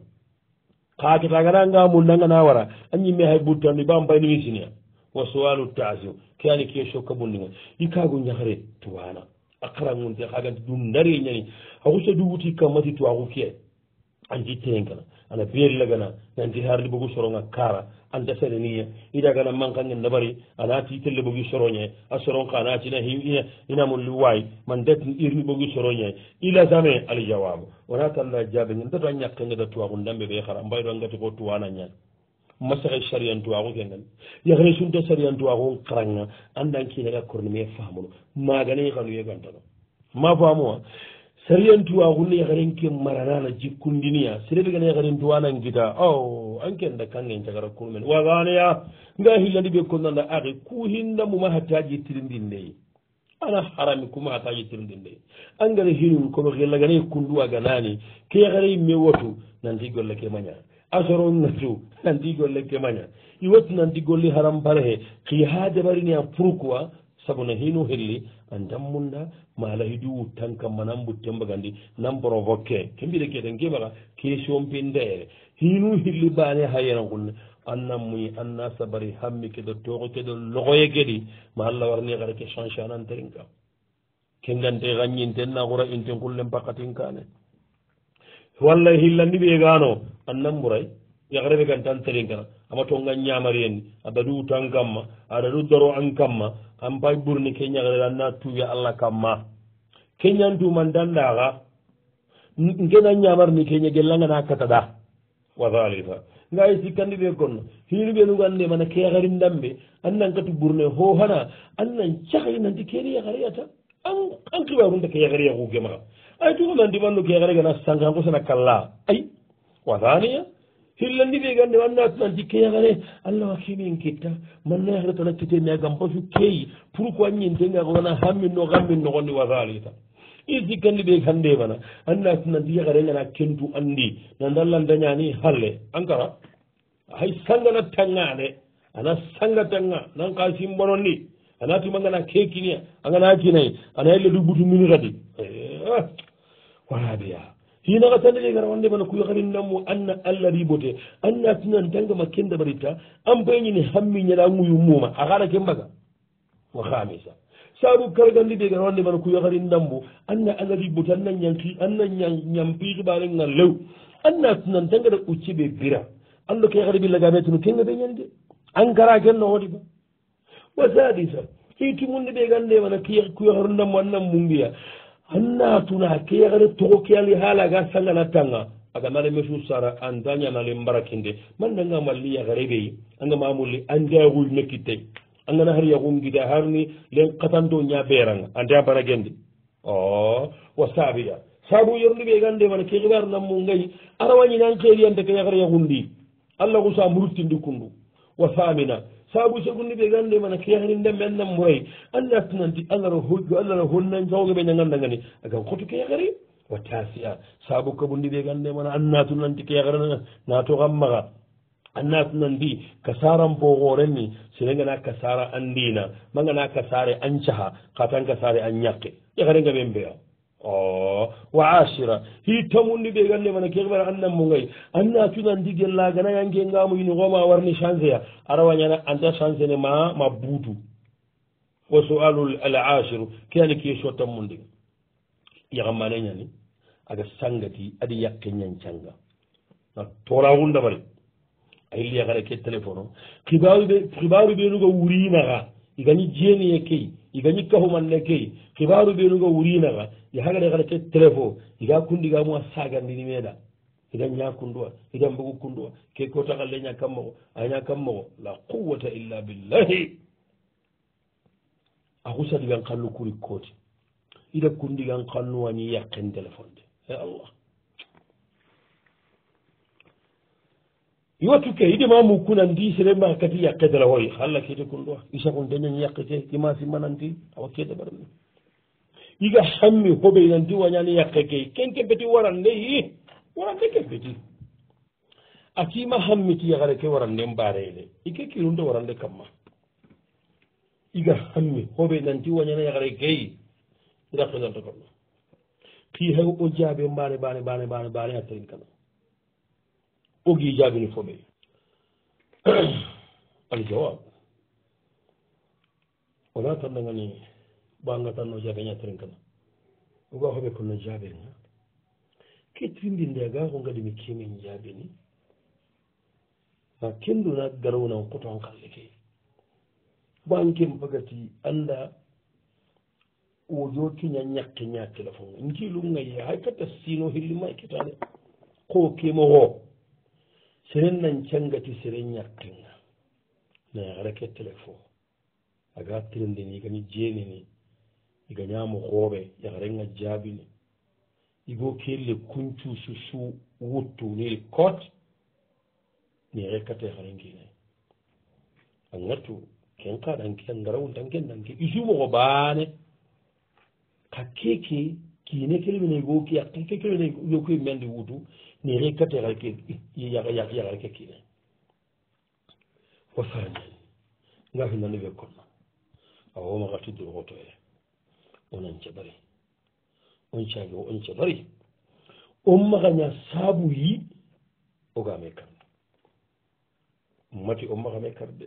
kakitaganaga mullagana wara añimme hay buttanɗi bambay lewisinia wa soalu tasio keani ke sokka bundiga ikago ñahre tuwana akarangunte kaganti dum dariñani akusa duguti kammati tuwaku kiyay anti tengal ana beerila gana nanti harli bogu soronga kara anta sereniya ida gana mankange nabari ana ti telle bogu soroñe a soronka ana tina inamolli way man dat irni bogu soroñe ila jamais ala jawabu wona talla jabeñe dato a ñakkengeda tuwaku ndambe ɓe xara mbayro angati ko tuwana ñan masaxe sarian tuwaku kengen yaxne sunta sarian tuwaku xaranga andan kinaga korni me famulu magane xanuye gantano ma famuwa sariyantuwa xunne yaxaren ke maranana jikkundiniya sereɓe gana yaxarentuwa nangita o oh, anken da kangen cagara kurumen waganeya nga xillandi ɓe konnanda axi ku xinda muma xataji tirindin ne ana harami kuma xataji tirindin ne angara xinun kono xe lagane kundu waganani ke yaxare me wotu nanti golle ke maña a soronatu nanti golle ke maña iwotu nanti golli haram parexe xi xa jabarinia pourquoi sabu na xinu xilli a dammunɗa ma alay ɗiwu tan kamma nan buttemba gandi nan provoqué ke mbiɗa keɗen keɓaka question pindeere hinu hilli bane hayena gonne annan muy anna sabari hammi keɗo tooxo keɗo loxoye geɗi ma allah warni xara ke change anantarin kam ke gante xañinten naxura inten kullen pakatin kane walla hillandi ɓegano annan ɓuray yaxareɓe gantan tarin kana ama tonga ñamari enni a daɗu tan kamma a daɗu doro an kamma an bay ɓurni keñagrelanna tuuya allah kamma keñantuman dandaxa ngena ñamar ni keña gellangana kataɗa wadalika nga i sikkandi ɓe konno hinu ɓenugande mana keyaxarin dambe an nankati ɓurne hoohana an nan caxe nanti kene yaxareyata an an xibarunta keyaxareyaxu ke maxa ay tuxa nantimanno keyaxare gana sankanko sena kalla ay wasaniya hillandiɓe gande wannaatu tan sikke yagare allah wa kemin kitta manna yagare tan accete e neagam basu keyi pour ko añintegako wona hamminno hamminno gonde wasalita i sikkandiɓe hande mana annaatu nandi yagare gana kentu andi nandallan dañani halle encara hay sangana tangaade ana sanga tanga nan ka simbonon ni ana tuma gana kekinia a gana kinayi ana yalle du ɓutu min kadi eh, ah, wala beya sinaga tandeje gara wonde mana kuyo kamin nammo anna allah ribote anna tinan dangama kenda baritta an bayñini hammi ñala nguyu muma akala ke mbaga wa hamisa saru kala gandide gara wonde mana kuyo kamin nammo anna allah ribote anna ñanki anna ñampiikibare ngal lew anna tinan dangada ucceɓe bira allah ke hara billagame tuno kenga ɓe ñanide an kara kenno hoodi ba wa sadisa ey tumunde ɓe gande mana kuyo kamin nammo annan mungiya hannatuna keyagare togo ke ali hala ga sangana tanga aganare mesur sara andañanale mbarakinde mannanga malli yagare ɓey anga mamulli andayaguy mekkitte angana har yagungida harni len katando ña beranga anda baragende o wa sabiya sabu yerndi ɓe gande mana ke xibar nammu ngayi arawañinan ceeliyante ke yagare yagundi allahu sa murutindi kundu wa samina saabu sogundi ɓe gannde mana keyahri nde men nam moy anndi artinanti allah ro hojju allah ro honnan jawge ɓe ñaganda gani agam hoto keyahri wa tasi a saabu kabundi ɓe gannde mana annatunanti keyahre nato kammaga annatunandi ka saran bogoren ni sinengana ka sara andina magana ka sare an caha ka tan ka sare an ñakke yahrengamen mbeya o wa asira hittamunni ɓe gande mana kekɓere annanmo gay anna cunandi gellaganayange ngamo inogoma warni change ya ara wañana anta change ne ma ma buutu wa soalul al asiru keani ke so tammunde yahammane ñani aga sangati aɗa yakke ñan canga a toragundamari a yilliya kada ke téléphone o kibaruɓe kibaru ɓenuga wurinaha igañi jeniye keyi igañi kahumanne keyi kibaru ɓenuga wurinaha yo hagare kala téléphon yiga kundiga mu a sagandini meeɗa iɗan ña kunduwa iɗan mbugu kunduwa ke ko taxalle ña kam moxo a ña kam moxo la quwata illa billahi a xusadigan xallu kuri kooti ida kundigan xannuwañi yaqen téléphone de e allah iwatu ke idema mu kunan di serema kati yaqe téléphone xalla kete kunduwa i sagun deñañi yaqete ima simananti awa kede barmi iga hammi hoɓeynandi wañani yakke key ken ke beti warandeyi warande ke beti a kiima hammiti yakare ke warande mbareyde ike kirunde warande kamma iga hammi hoɓeynandi wañani yakare key ngakinante kamma ki hay o jaabe mbaane bane bane bane bane attarin kana ogi jaabini foɓe [CLEARS THROAT] al jawab wala tandagani ɓangal tan no jaabe ñattoren kama oga hoɓe kono jaabenga kettirindi ndega ko gadi mi kemin jaabe ni a kenduna garownan koto an kalleke ɓanken pagati anda wojo keña ñakke ñakkila fo jilungayi hay katta sino hillimay ketane ko kemoho seren nan cangati seren ñakkenga nayaara kettele fo aga tirindini gani jeenini igañamo hoɓe yakarenga jaabini igo kelle kuncu susu wuttunel kot ni rekkate harenginayi a gattu kenka danke ngarawul danke danke isumoko baane ka keke kine kelminegokeke mende wutu ni rekkate yakareke kine wasarañani ngafinanive konna awomakati durgotoye onan jabari on caage o on jabari on magaña saabu yi ogame karde mati o magame karde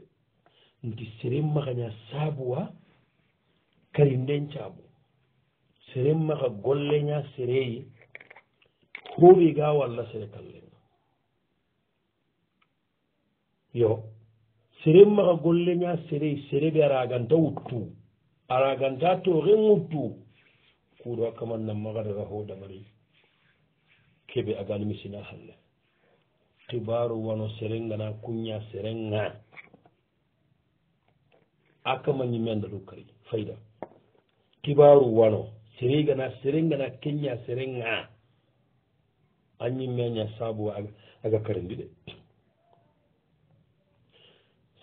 ndi seren magaña saabu wa kari nden caabu seren maga golleña sereyi hoori ga walla sere kallenga yo seren maga golleña sereyi sere ɓe araganta wuttuu ara ganta to renguttu kuuro akkaman nam magadaga hoodamari keɓe agalmisina halle kibaru wano serengana kuña serenga akkamañi menda ɗum kari fayda kibaru wano serigana serengana keña serenga añimmeña saabu aga, aga karendiɗe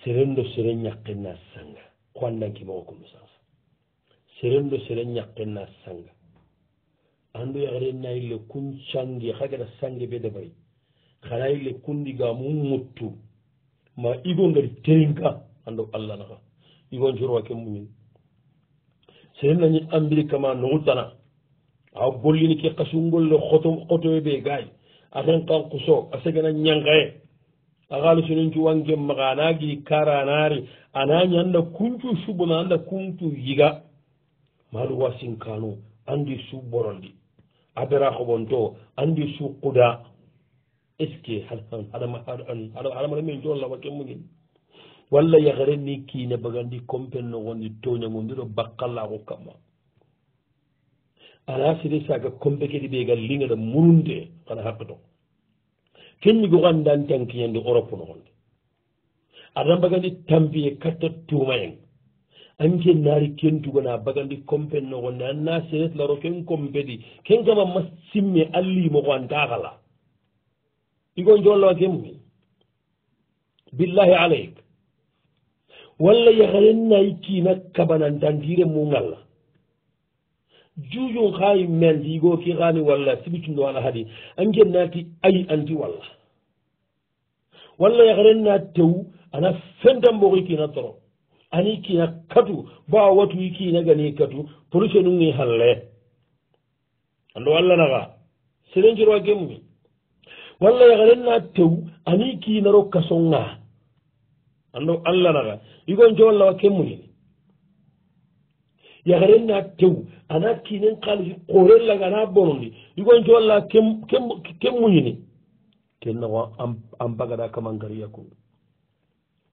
serendo seren ñakkenna sanga ko andankimoko kumi sanga serendo sere ñaqqinna sanga andu yaxre nayi le kun cangi xagata sange be dabari xanayi le kundiga mu muttu ma igo ngari teringa ando allah naxa igo njorwa ke mumin serenañi ambiri kama noxutana a gollini ke xasu ngolle xotoyo be gaay axen qan quso a segana ñangaye a xaalisonincu wange maxa ana giri karanaari ana ñanda kuncu suɓona anda kuncu yiga maɗum wasinkanu andi suu ɓoronɗi aberako won to andi suu kuda est ce que haɗamaɗa min jolnama kemmugel walla yagarenni kiine bagandi compelno gondi toñagondiɗo bakkallaako kamma ala sidi saga compe kedi ɓeegal liŋaɗa murunde kaɗa hakkato kenñigo ganndan tankiñandi europe no gonde aɗa bagandi tampiye katta tuma en anke naari kentugona bagandi compene nogonde anna seret laro ken compedi ken kama ma simme allimogo antagala igo jollowa kemmi billahi alayk walla yahalennayi kina kabanandandire mungalla juujum haayi mendi igo ki hani walla sibicundo ala hadi anke naati ayi anti walla walla yahalenna tew ana fentanboki kina torok ani kina katu ba watu i kina gani katu porise nungi halle ando alla naga serenjiro agemmi walla yagaren na tew ani kinaro kaso nga ando alla naga igonjo walla wa kemmunini yagaren na tew ana kinen kalisi korellaga ana bonondi igonjo walla kemmunini kennawa an bagada kamangariya ku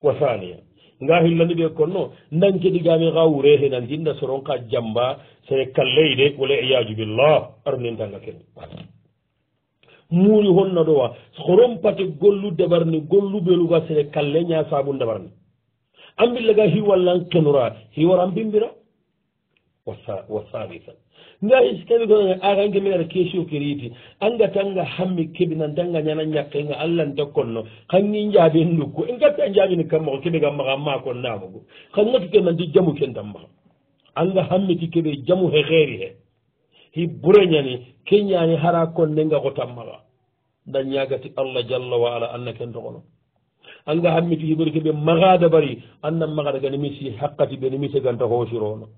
wa thaniya nga hillaniɓe konno nankeɗigami ha wure he nan hinna soronka jamba sene kalleyde wala iyadu billah ar nentanga ken muuri honna ɗowa horon pate gollu dabarni gollu ɓeluga sene kalle ñasabu dabarni ambillaga hiwallan kenora hiwaran bimbira wo sarita ngayis kadi ɗoa aranke mi ara question kereti anga tanga hammi keɓi nan tanga ñana ñakkenga allah n tekkonno kanni jaaben nukku en gatta jaabini kammaxo keɓe gam maxa ma kon namogo kan ngatu ke nanti jamu ken tan maxa anga hammiti keɓe jamu he xeeri he hi bure ñani ke ñani hara konndenga xo tan maxa ndan ñagati allah jalla wa ala anna ken toxono anga hammiti hiɓori keɓe maxa da bari anna maxa ragani misi haqqati ɓeni mi seganta hoosirono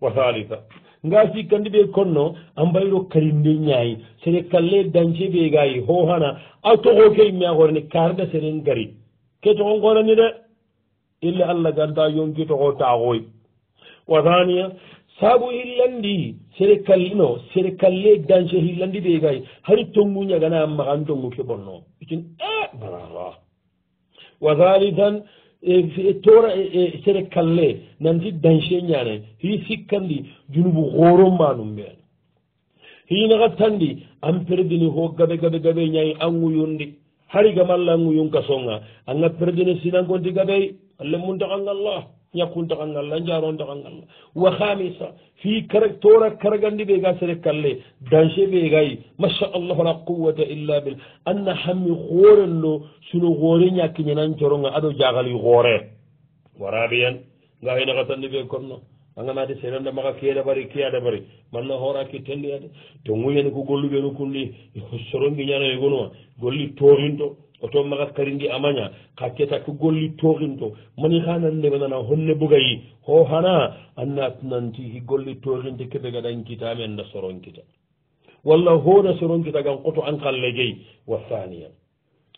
wa halisa ngasi kandi ɓe konno ambayro karimbe ñayi sene kalle dance ɓe gayi ho hana a toxo ke imme a xoorene karda senen gari ke toxo ngoorani de ille allah garda yonki toxo taxoy wa haniya sabu hillandi sere kallino sere kalle dance hillandi ɓe gayi hari tongu ñaganaa maxan tongu ke bonno ucin e eh, bala wa halisan E e tora e, sere kalle nanti dancé ñane hi sikkandi junubu horo manum ɓeen hinaxa tandi an perdini ho gabe gabe gabe ñayi anguyundi hari gamalla anguyun kasonga anga perdini sinankonti gabey allemuntaxangallah ñakkun taxa ngalla njaaroon taxa ngalla wa xaamisa fii kara toora karagandi ɓee ga sere kalle danger ɓee gayi masha allahu la quwata illa bil anna xammi xooren lo suno xoore ñakkiñenan coronga aɗo jaaxali xoore waraɓeyen ngaa ina xatandi ɓee konno a nganaati serenda maxa ke da bari ke ada bari manna xoora ke tendi ade to nguyeni ko golluɓeenu kulli [LAUGHS] soro ngiñana yegonuwa golli toorinto oto maga kari ndi amaña ka keta ko golli toxin to mani xa nan ndeɓe nana honne bugayi ho xana a natnanti i golli toxinte keɓe gaɗankita men na soronkita walla hona soronkita gan qoto an xalle gey wa thania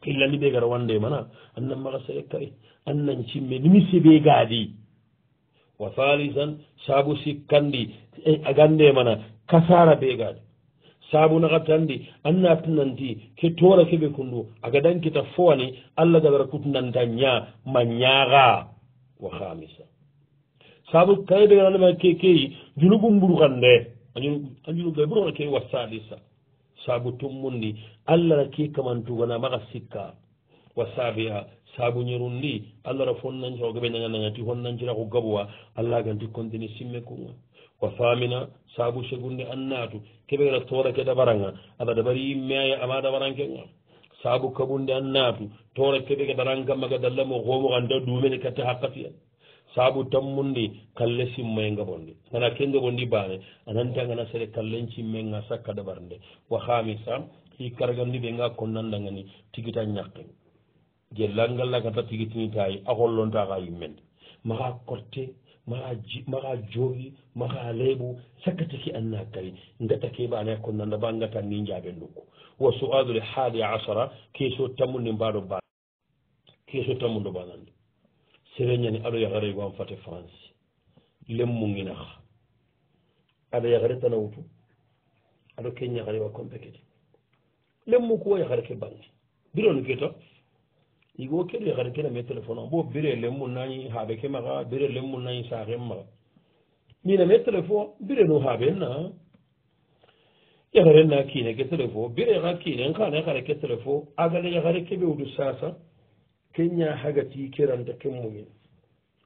illa ni ɓe gara wande mana an nan maxa sere kay an nan cimme nimi seɓe gaadi wa thalisan saabu sikkandi e, a gande mana kasara ɓe gaadi sabunakatandi annatinanti ke tora keɓe kundu aga dankita fowani allah gabara kutinanta ña ma ñaaha wa hamisa sabu kaye daganaɗama ke keyi junubu mburukande ajunuga ɓurona ke wasalisa sabu tummundi allah ra ke kamantugana maga sikka wa sabia sabu ñerundi allah ra fonnancirao gaɓe nanga nanga ti honnancira ko gabuwa allah ganti contini simme kunga ko famina saabu segunde annatu keɓera toorake dabaranga ala dabari yimmeaya ama dabarankenga saabu kaɓunde annatu toora keɓeke darankamaga dallamo homoganda ɗumene katte hakkatiyan saabu tammunde kalle simmoye gabonde gana ke gabondi bane ananta gana sere kallen cimmega sakka dabarnde wa hamisa hikkargandi ɓe ga konnandagani tiguita ñakke jellangallagata tiguitinitayi a hollontaaka yimmende maa korte maa maa joogi maka leyɓu sakkatiki anna kay gaɗake ɓane ko nanda ba gata ni jaɓe nokku wa soalu le haali asara keso tammude mbaɗo ba keso tammudo banande sereñani aɗa yahare gwan fate france lemmuginaha aɗa yahare tanawtu aɗa ken yahare wa comme pekete lemmu kuwa yahare ke bange biron keta igo keɗo yahare kena me téléphone o bo bire lemmu nañi haɓe ke maga bire lemmu nañi sahem maga mina me téléphone mbire nu ha ɓen na yakare na kiine ke téléphone mbire xa kiine nkana yakare ke téléphone agale yakare keɓe wudu sasa ke ña hagati kerante ke mumin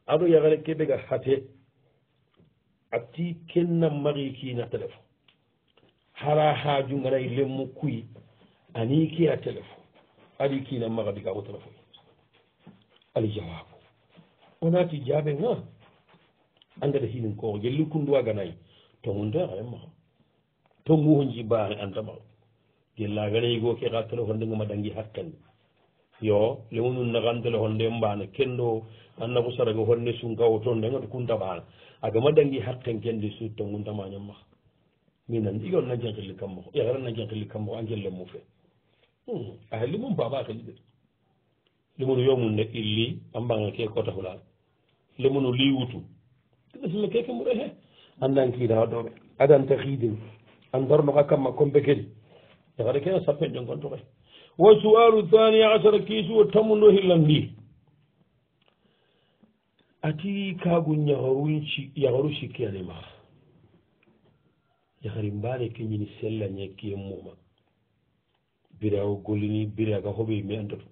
aɗo yakare keɓega hate a ti kenna maxi kiina téléphone hara hajunganayi e lemmu kuy ani ke a téléphone adi kiina maxa digaxu téléphone ali jawabu onati jaɓe ga andata hinin koko jelli kunduwa ganayi tomudea remmaa to nguho ji baari andama jella ganayi go ke ka téléphone de ngoma dangi hakkandi yo lewunu nakan téléphone de mbaana kendo anna ko saraga honne sunkawo ton de ngata kunta baana agama dangi hakken kendi su tomudamañammax minan igon na jenkili kammoko yaxera na jenkili kammoko angelle mu fe aha hmm, limum baba xeli de limunu yomun ne illi a mbanga ke kotaxulaa limunu liwutu ɗasima keeke mbure he anndan kiiraa ɗoɓe adanta xiidin an darnoka kamma comme bekedi e haɗa kena sappe en jongonto kay wo sual thani acara kiisuwo tammundo hillan ndi ati kaagu yahoruci yahoru sikki anima yahari mbaane keñini sella ñekki en muma bire awo gollini bire aga hoɓe mi andatu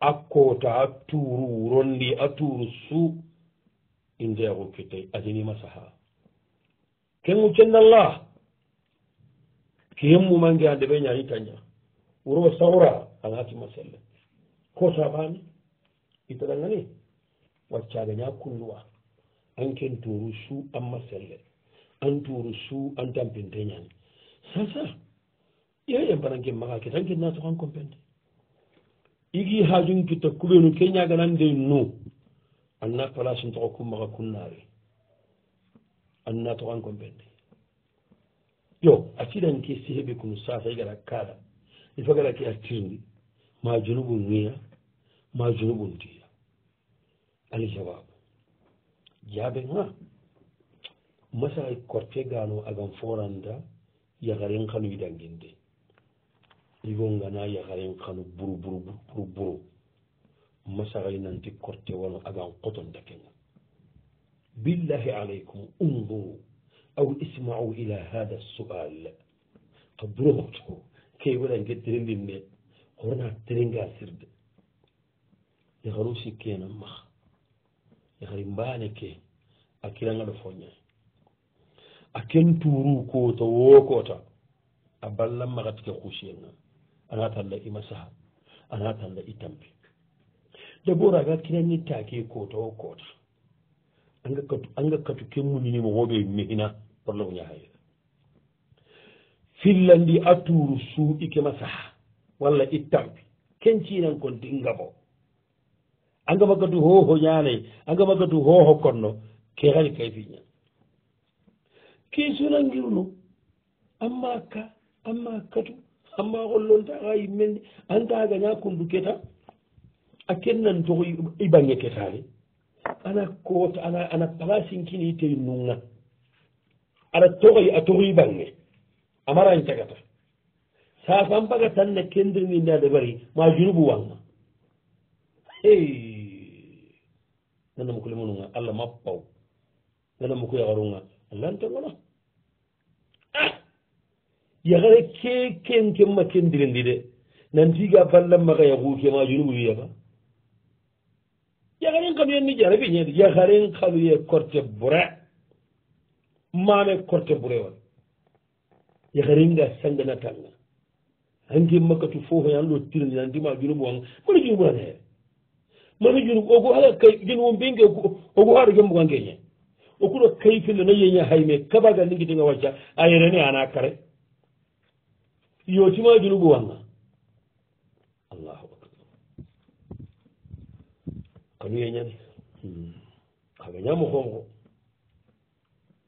akkota a tuuru wuron ndi a tuuru suu indeyaxu kitay adinima saha ken ŋu cendanla kiyen mumange a ndeɓe ñanita ña wuro sawra aga tima selle ko sabani itadangani waccaga ña kulluwa an ken turu su anma selle an turu su an tampinte ñani sasa yeyen banake maga ke tan kennasoxan compente igi hajun kitta kuɓenu ke ñaganan de nu anna place ntoxo kummaxa kunnaari anna toxankompende yo a tidanke sihebe kunu sasa i gara kaala ifa gara ke a tirndi ma junubu nwiya ma junubu ntiya alijawabu jaabe ga masaxa korte gaano agan foranda yaxaren xanu yidanginde igo ngana yaxaren xanu buru buru buru buru buru masahaynanti korte wono agan qotonda kenga billahi alaykum unduru aw ismaau ila hada sual ka buromoto key waɗange terendinne horona terenga sirde yaharu sikkena mah yahari mbane ke a kiranŋaɗo foña a ken turu kota wokota a ballan maxatike kusienga ana talla ima saha ana talla i tampi debbo raga kirani taki koto o kota angakatu angakatu kemmuninimo woɓe mehina walla ko ñahay fillandi atturu suu ikema saha walla ittampi kencinan kon dingabo angama gatu hoho ñanay angama gatu hoho konno ke hani kay fiña kesunangirno amma ka amma katu amma hollontaka yimmendi antagaña kundu keta a kennantoxo i bange kesaani ana koot ana ana palacinkinite nunga ana toxoy a toxo i bange amarañ tagata saafan baga tan na kendirninda de bari ma junubu wanga hey nana mukule mununga allah mappaw nana muku yaxarunga allahntengona ah! yaxare ke ken kenma kendirindi de nantiga ballanmaxa yaxuke ma junubu yiyama yaharen kam yen ni jahara ɓe ñande yaharen kam ye corte bure mame corte bure on yaharenga sanganatanga hanki makkatu fofo yan ɗo tirni nan dima junubu an mbaɗa junubu an hee mbaɗa junubu ogo haɗa kay junubu binge ogo haɗa jombo kan geñe okuɗo kayfillo no yeña hayme kabaga ni guitinga wacca a yerene ana kare yotima junubu wanga ko nuye ñami haɓe ñamo hongo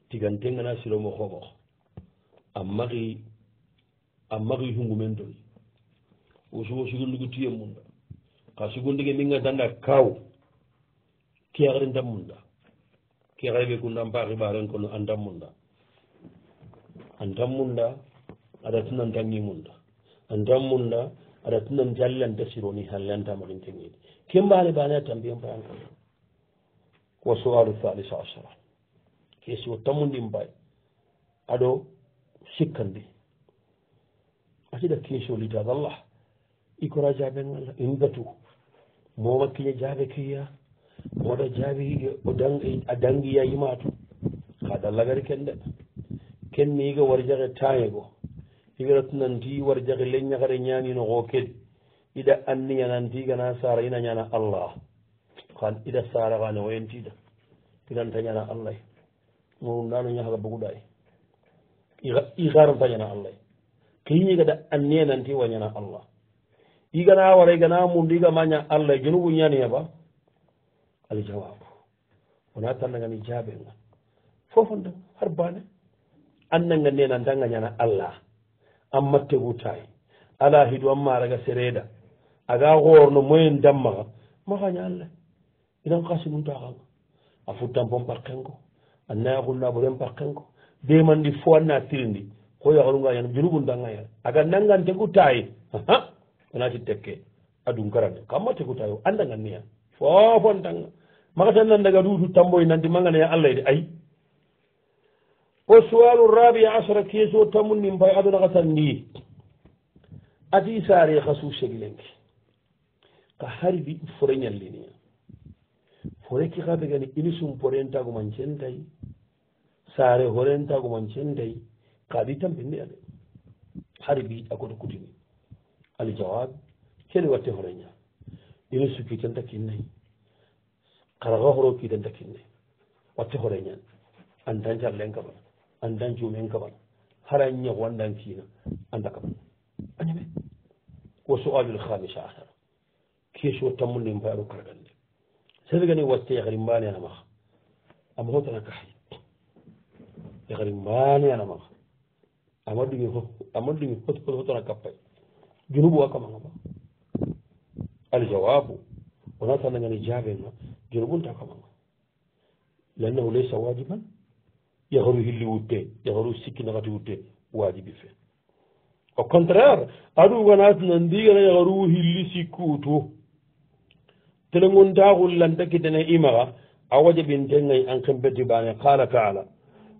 tigan tengana siromo hoɓoko a maki a maki hungu men toy wosuwo sugundugu tuye munda ka sugundugue mingatanda kaw kiyakri ndam munda kiyakreɓe kunda mpaki ɓaren kono andam munda andam munda aɗa tinantangi munda andam munda aɗa tinon jallan dasironi hallantamaɗin teŋeɗi kembani bane tambien bayan kam ko sowalu thalis asara kesio tammudin bay aɗo sikkandi aɗiɗa kesio litade allah ikora jaabe ngala in batu moma kiña jaabe kiya moɗa jaabi a dangiya yimatu kaɗa lagari kenɗe kenmiga warjahe tayego hiratunanti war jahille ñahare ñani noxo kedi ida anni ñananti gana sara ina ñana allah xan ida sara xane oyentida inanta ñana allah murundano ñahaga bugudaye ixaranta ñana allah kiñigada anniye nanti wa ñana allah igana wara igana mundu igama ña allah junubu ñaniyaba al jawabu wona tannagani jaabe nga fofonta har bane annanga nenantanga ñana allah an mattegutayi ala hido an maraga sereda aga horno moyen dammaga maxaña allah idan kasimuntaxanga a futtan pon parkengo annaya xulnaboren parkengo bemandi fo anna tirindi ko yaxarunga yan junubundangaya aga nangan tegutayi onati tekke a dunkarane kam mattegutayo andangan niya fofontanga maxatannan daga duutu tamboyi nanti mangana ya allah yde ayi o suwalu rabi asra keso tamunnin bay aduna ka tan ndi ati saare ka su segilenke ka haribi fore ñallinia fore ki kaɓe gani inisum porentaguman centay saare horentaguman centay kaɓi tampinndiya de haribi akoto kutini aljawab kene watte horeña inisu kitanta kinnay karaga horo kitanta kinnay watte horeñan antan carlenkabana andan cumen kaɓal hara ñeho andan kiina anda kaɓal añame wa soalul hamisa atar kesio tammunde mi payaɗo kargande sergani watte yahari mbaane anamaha ama hotana ka hay yahari mbaane anamaha ama ɗumi ama ɗumi hotana kappay junubu wa kamaga ba aljawabu wona tanagani jaabe ma junubunta kamaga lannahu laysa wajiban yahoru hilli wutte yahoru sikki nakati wutte waajibi fe au contraire aɗu wanatina ndigana yahoru hilli sikki utu telegontaxullanta kitene imaxa a wajaɓin tengay an xembe dibane qala taala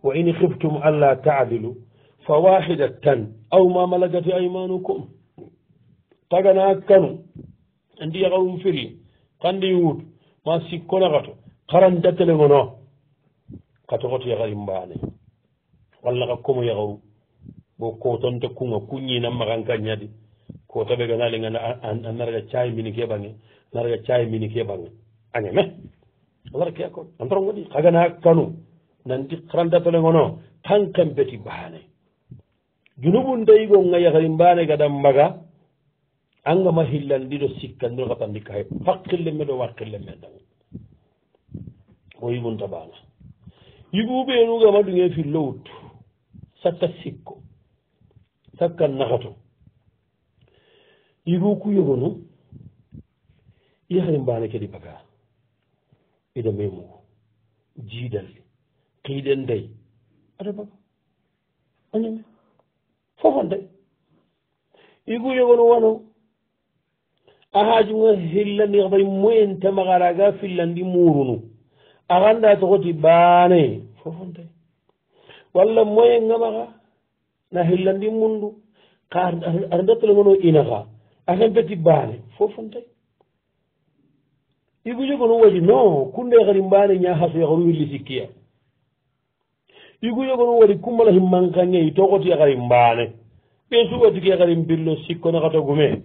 wa in xiftum alla taadilu fa waxida tan aw ma malagati aymanukum tagana kanu andi yaxarum firi xandi wut ma sikko naxato xaranta telegono ka togoto yagari mbaane walla ka komo yagaru bo kotonte kuŋa kuñina magankañadi kota ɓe gana leŋa a naraga cayi mini ke baŋe naraga cayi mini ke baŋe a ñeme alara ke ko antorogodi kagana kanu nanti karantatoleŋono kaŋ kan beti baane junubundayigo ŋa yagari mbaane gada mbaga anga ma hillandiɗo sikkandino katandi kahe fakkille me ɗo wakkille me dan o yigunta baana yiɓuɓeenuga maɗuge fillowuttu sakka sikko sakka nahato yigu kuyogono yahani mbane kedi baga ida memugo jiidalli qiiɗen dayi aɗa baga añame fofon day yigu yogono wano a haajuga hillanirday moyen temagaraga fillandi murunu a ganda togoti baane fofonta walla moye ngamaka na hillandi mundu ka ara dattale mono inaka atan beti baane fofonta iguƴogono waji no kunde kadi mbaane ñahaso yakaru willi sikkiya iguƴogono waɗi kumbalahi mankangeyi togoti yakari mbaane ɓe suɓatiki yakari mbillo sikko nakata gume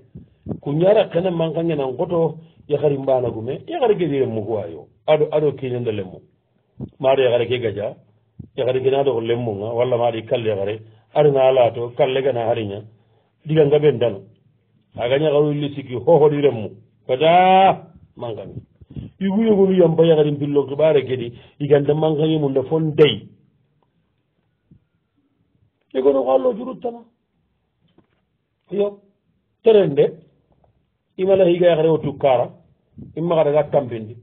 ku ñara kene mankange nan koto yakari mbaana gume yakari gedire mukuwayo aɗo aɗo kiñenɗo lemmo maɗo yahare ke gadia yahare genaɗo ko lemmoga walla maɗo kalle yahare aɗana laato kalle gana hariña diga ngaɓen dana agañahawilli sikki hohoɗi remmo kada mangami iguyogolu yampa yahari mbillo kiɓare keɗi iganda mangami mu nde fon dey igono ko allo juruttana iyo teren de imala higa yahare o tukkara imma haɗa ga tampindi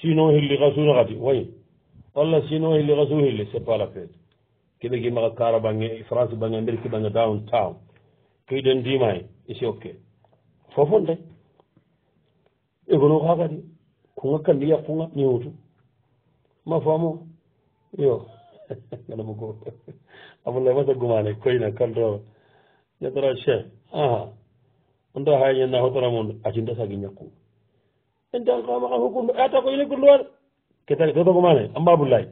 sino hilli kasuno kati wayi walla sino hilli kasu hilli c' est pas la peine kiɓe gi maga kara bange france bange amérique bange down town keyden dimay e, isi ok fofon day egono ka kadi kunga kandi yakkunga ñewutu ma famo yo [LAUGHS] gaɗama go abdoulay mata gumane koyna kaldoro ñatara chef aha onta hayñanna hotoramon acinta sagi ñakkunga en tankama ka hokkundu ata e ko ine gulluwaɗe ketake toto ko mane ambabullayi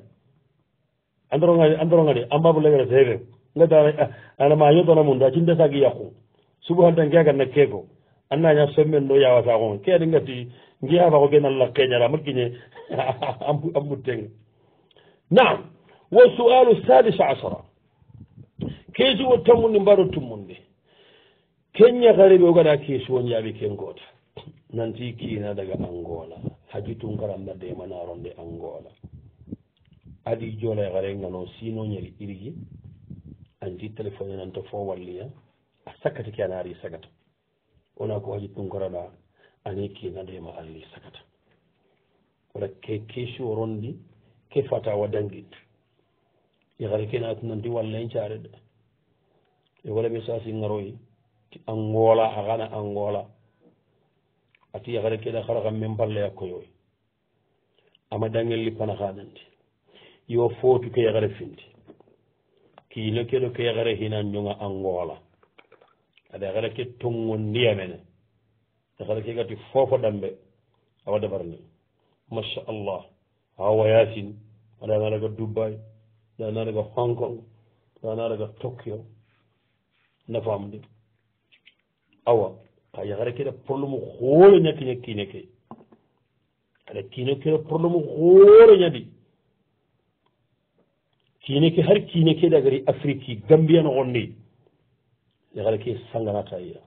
andorogaɗi andorogaɗi ambabullayi gaɗa sefe gaddaa eh, ana ma yodona mum da cinde sagi yakku subuhan tan geyagat na keeko annaña sommen ɗo yawata ko ke aɗi gatti jeyafa ko genalla keñala matkiñe [LAUGHS] ambuttenga naam wo sualu sadis asara keesuwo tammunde mbaɗo tummunde kenña kareɓe o gaɗa keesuwo jaaɓi kengoota nanti kiina daga angola haji tunkaranda demanaronde angola adi joleyxare ngano sino ñeri irigi anti téléphone nanta fo walliya a sakkati ke ana ari sagata wona ko haji tunkarada ani kiina dema ali sagata wala ke kesio rondi ke fatawa dangit yixare ke naatu nanti wallen caare de e wala mi sasi ngaroyi ti angola axana angola ati yakhare keda kharaga men balla yakko yoy ama dangel li pana khadanti yo fotu ke yakhare finti ki no kedo ke yakhare hinan nyonga angola ada yakhare ke tongon ndiyamene yakhare ke gati fofo dambe awa dabarni masha Allah awa yasin ada yakhare ke Dubai ada yakhare ke Hong Kong ada yakhare ke Tokyo nafamdi awa ka yagara kere probléme hoore ñati ña kiine ke ada kiine kere probléme hoore ñadi kiine ke har kiine ke da gari afrique yi gambia noxonni yagara ke sanganata yira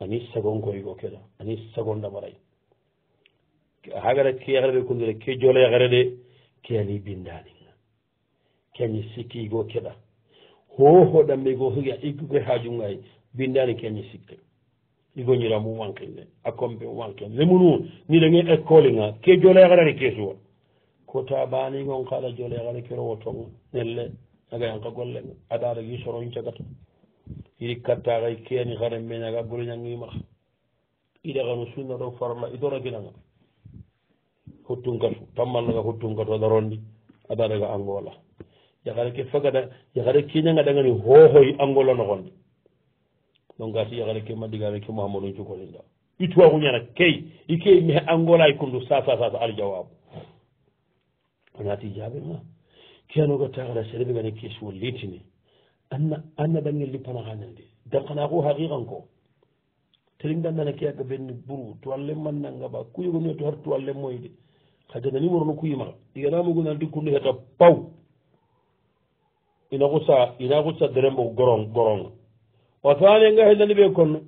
ani second koyigo keda ani second damaray hagara ke yagarade kundere ke joola yagarade ke ani bindani ke ani sikkiigo keda hoho dambe go hige iggue haajungayi bindani keñi sikke igoñira mu wankinde a compe mu wankinde le munu ni dange école nga ke joleekarani keesuwa ko ta baanigon kala joleekara kerowo tonga nelle agayanka gollenga adaada gi soro ncagata iri kattaakay keeni haren meñaga buriñangimax idaxanu sunna do farla idoraginanga huttunkatu tammallaga huttunkatu adarondi adaadaga angola yaxare ke fagada yaxare kiñanga dangani hoohoy angola noxonde donc gati yagara ke mandigare ke mouhamadu n cukolinda itowaguñana key i key mexe angolay e kundu sa sa sasa aljawabu onati jaɓema ke anoga taxara serebegane question litini anna anna ɗangel lipanaxanandi daqanaku xaqiqan ko teringdandana ke aga ɓenni buru towalle mannangaɓa ku yegonio to har towalle moyde xaja nanimorono ku yimaxa iganamugunandi kundu heta paw inaxu sa inaxu sa derembo gorong goronga wasaani nga hellani ɓe konno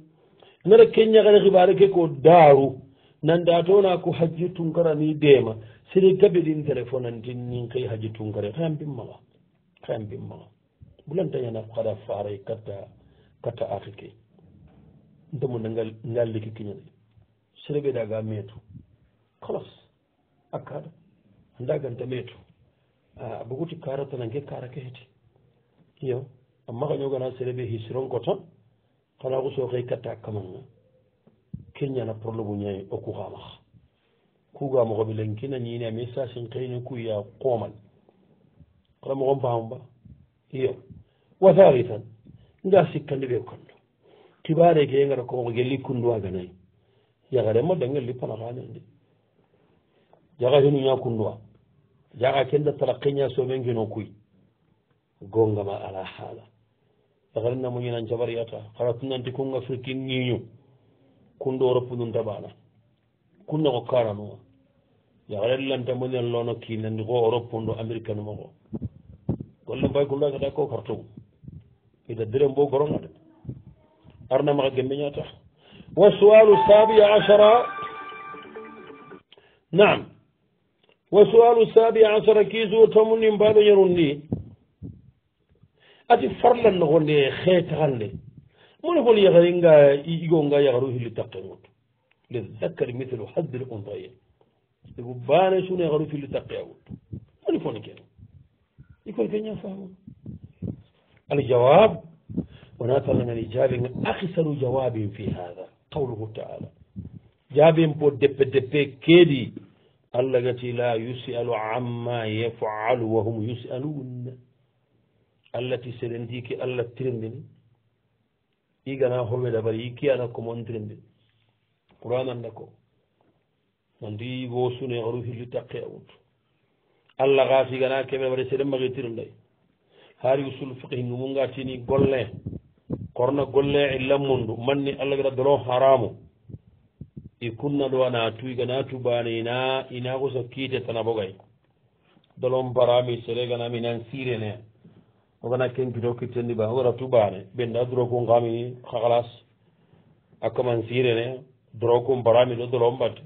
nara keñagare xibaare ke ko daaru nanda toona ko hajji tunkarani deema sene gabe ɗin téléphone anti nin kay hajji tunkare xeyam bimmaxa xeyam bimmaxa bulantañana xada faaray katta katta axi ke ntamunda nga liki kiñane sere ɓe daga meetu xalas a kaada anda ganta meetu a bugutu kaara tananke kaara ke heti iyo yeah. amma ko ñogana sereɓe hisironko tan xana ku sooxey katta kamanga keñana probléme ñayi e o kuxamax kuga moxoɓe leng kina ñiine ame sasin xeyne kuya qoomal xana moxom faxam ba iyo wa thalitan nga sikkandi ɓe kondo xibareke ye ngara komoxo gelli kundowaganayi yaxaremma dangelli panaxanende jaxa henuña kundowa jaxa ken da tala xeña soɓenkino kuy gongama ala xaala yakare namu ñinan jabariyata kara tunanti kunga firki ñiñu kundo rappundun tabana kunna ko karanuwa yakare lanta munen lono kinandi ko rappundo america numako golle mbay kundo kata ko kartogu ida diren bo goronga de arna maxa gembe ñata wa sualu sabi acara naam wa sualu sabi acara kisuwo tamu ni mbaɗo ñerundi أدي فرلاً نقول لي خيط غلي يقول يا غرينجا يجونجا يا غروه اللي تقيوت للذكر مثل حد الأنثيين يقول بانا شو يا اللي تقيوت من يفون كين يقول فين يفهم الجواب هناك من الإجابة أخسر جواب في هذا قوله تعالى جاب يمبو دب دب كيدي الله لا يسأل عما يفعل وهم يسألون allati seɗen diki allah tirdini igana howe dabari yikki ana komontirdini qur'ananda ko nandi wosune aru hilli takke awut allah gasigana keɓe dabari seɗen maki tirnday haari usul fiqihi ngumungatini golle korna golle illamundu e manni allah gara dolo haramu i kunna ɗo anatu iganatu bani ina ina kusa kiite tana bogay dolon barami sere ganami nan sirene wagana ken kito kirteni ba wara tubane benda droku ngami khalas akaman sirene droku barami do dolom bat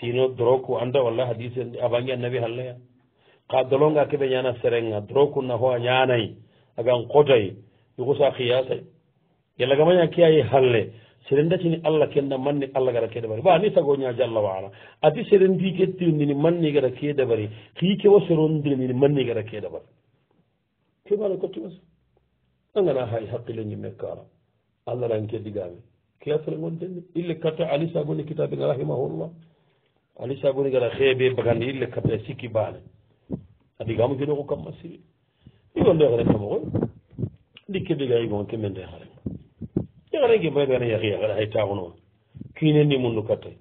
sino droku anda wala hadise abangi annabi halle ka dolonga kebe nyana serenga droku na ho nyanai agan qotai yugusa khiyasa yalla gamanya kiyai halle serenda tini alla kenna manni alla gara kede bari ba ni sago nya jalla wala ati serendi ketti ni manni gara kede bari ki ke wo serondi ni manni gara kede bari kebaɗa kottimasa nagana hay haqqileñi mekkara allah ran keddigami keetere gontenni ille katta ali sagoni kitabe ga rahimahullah ali sagoni gara xeebe bagande ille katta e sikki baane adigamo jenoko kamma siri igo ndeexare kamoxoy ndi keddiga igon ke men ndeexare yaxarenke bayegana yaxi yaxare hay taxunoo kiine ni mundu kattay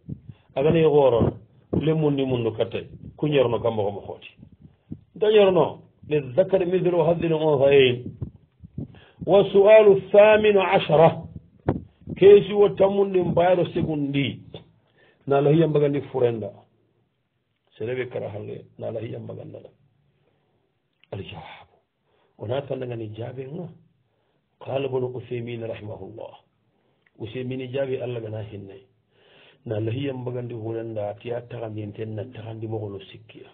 agana yi xoorona lemmun ni mundu kattay ku ñerno kambaxomo xooti nta ñerno للذكر مثل هذه الأنثيين والسؤال الثامن عشرة كيس وتمون لمبايرو سيكوندي نالا هي فورندا فرندا كراها لي نالا هي مبغاندا الجواب وناتنا غني جابين قال ابن عثيمين رحمه الله عثيمين جابي الله غنا هنني نالا هي مبغاندي فورندا تيا تغاندي تن تغاندي مغلو سكيا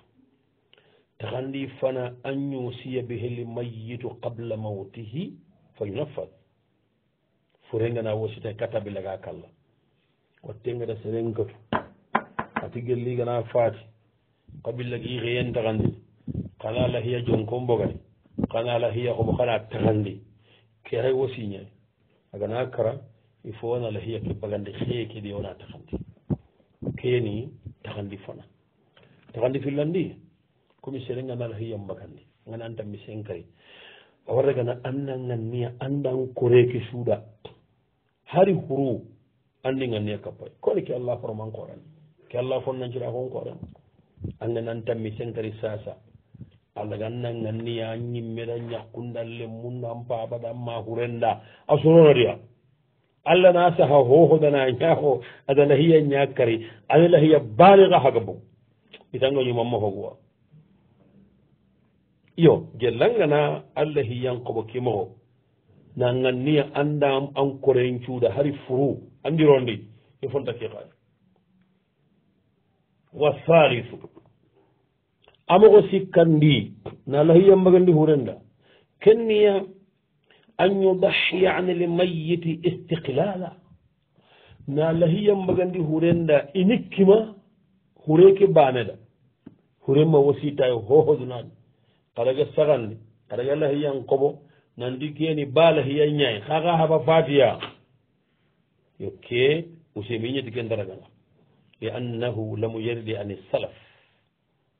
tahandi fana anyu siya bihi lmayitu qable mautihi fa yunaffad furengana wosita katabi laga kalla wattengeda serenkatu ati gelligana faati kabillagi heyen tahandi kana lahiya jonko mbogani kana lahiya komo kana tahandi kere wosiña agana kara il faut ana lahiya ke bagandi heye kedi wona tahandi keni tahandi fana tahandi fillandi commissaire ngana la hiyam bakandi ngana antam mi senkari awaragana anda ngannia andan koreke suuɗa hari huro andi ngannia kappay kono ke allah foroma ankoran ke allah fon nanciɗa ko ankoran angana antam mi senkari sasa allah ga anda ngannia ñimmeɗa ñakkundan lemmundan pabaɗan ma hurenda a sororodiya allah na saha hohoɗana ñaho adana hiya ñakkari ana la hiya baliga haga bo itangañumamma fogowa yo gellangana allah hiyankoɓo kimoho na ganniya andam an koren cuuɗa hari furu andirondi e foltakiqal wahalisu amoko sikkandi na allah hiyambagandi hurenda kenniya an yudahiya ani lmayiti istiqlala na allah hiyambagandi hurenda inikkima hureke baneɗa hurenma wasitayo hohodunani kadage sagandi kadage la hiyan kobo nandi geni bala hiya ñay haga haba fatiya yo ke usemi ñeti ken daragana li annahu lamu yerdi ani salaf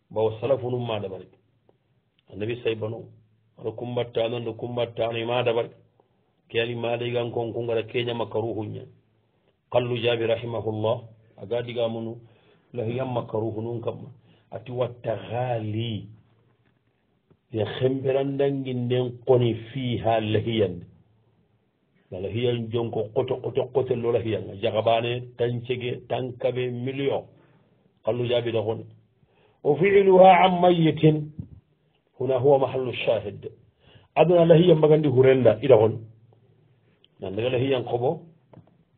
bawo salafunum ma dabari annabi saybano ano kumbattano ando kumbattano ima dabari keani madaygankon kungara keñamakka ruhuña kallu jaabi rahimahullah aga digamunu lahiyan makka ruhu nun kamma ati watta haali ye hemberandanginden koni fi ha lahiyande lahiyan jonko koto koto kote lo lahiyanga jagabane tan cege tan kaɓe million kallu jaɓida kone o fiiluha an mayitin huna huwa mahallu shahid aduna lahiya mbagandi hurenda ida kon nandaga lahiyan koɓo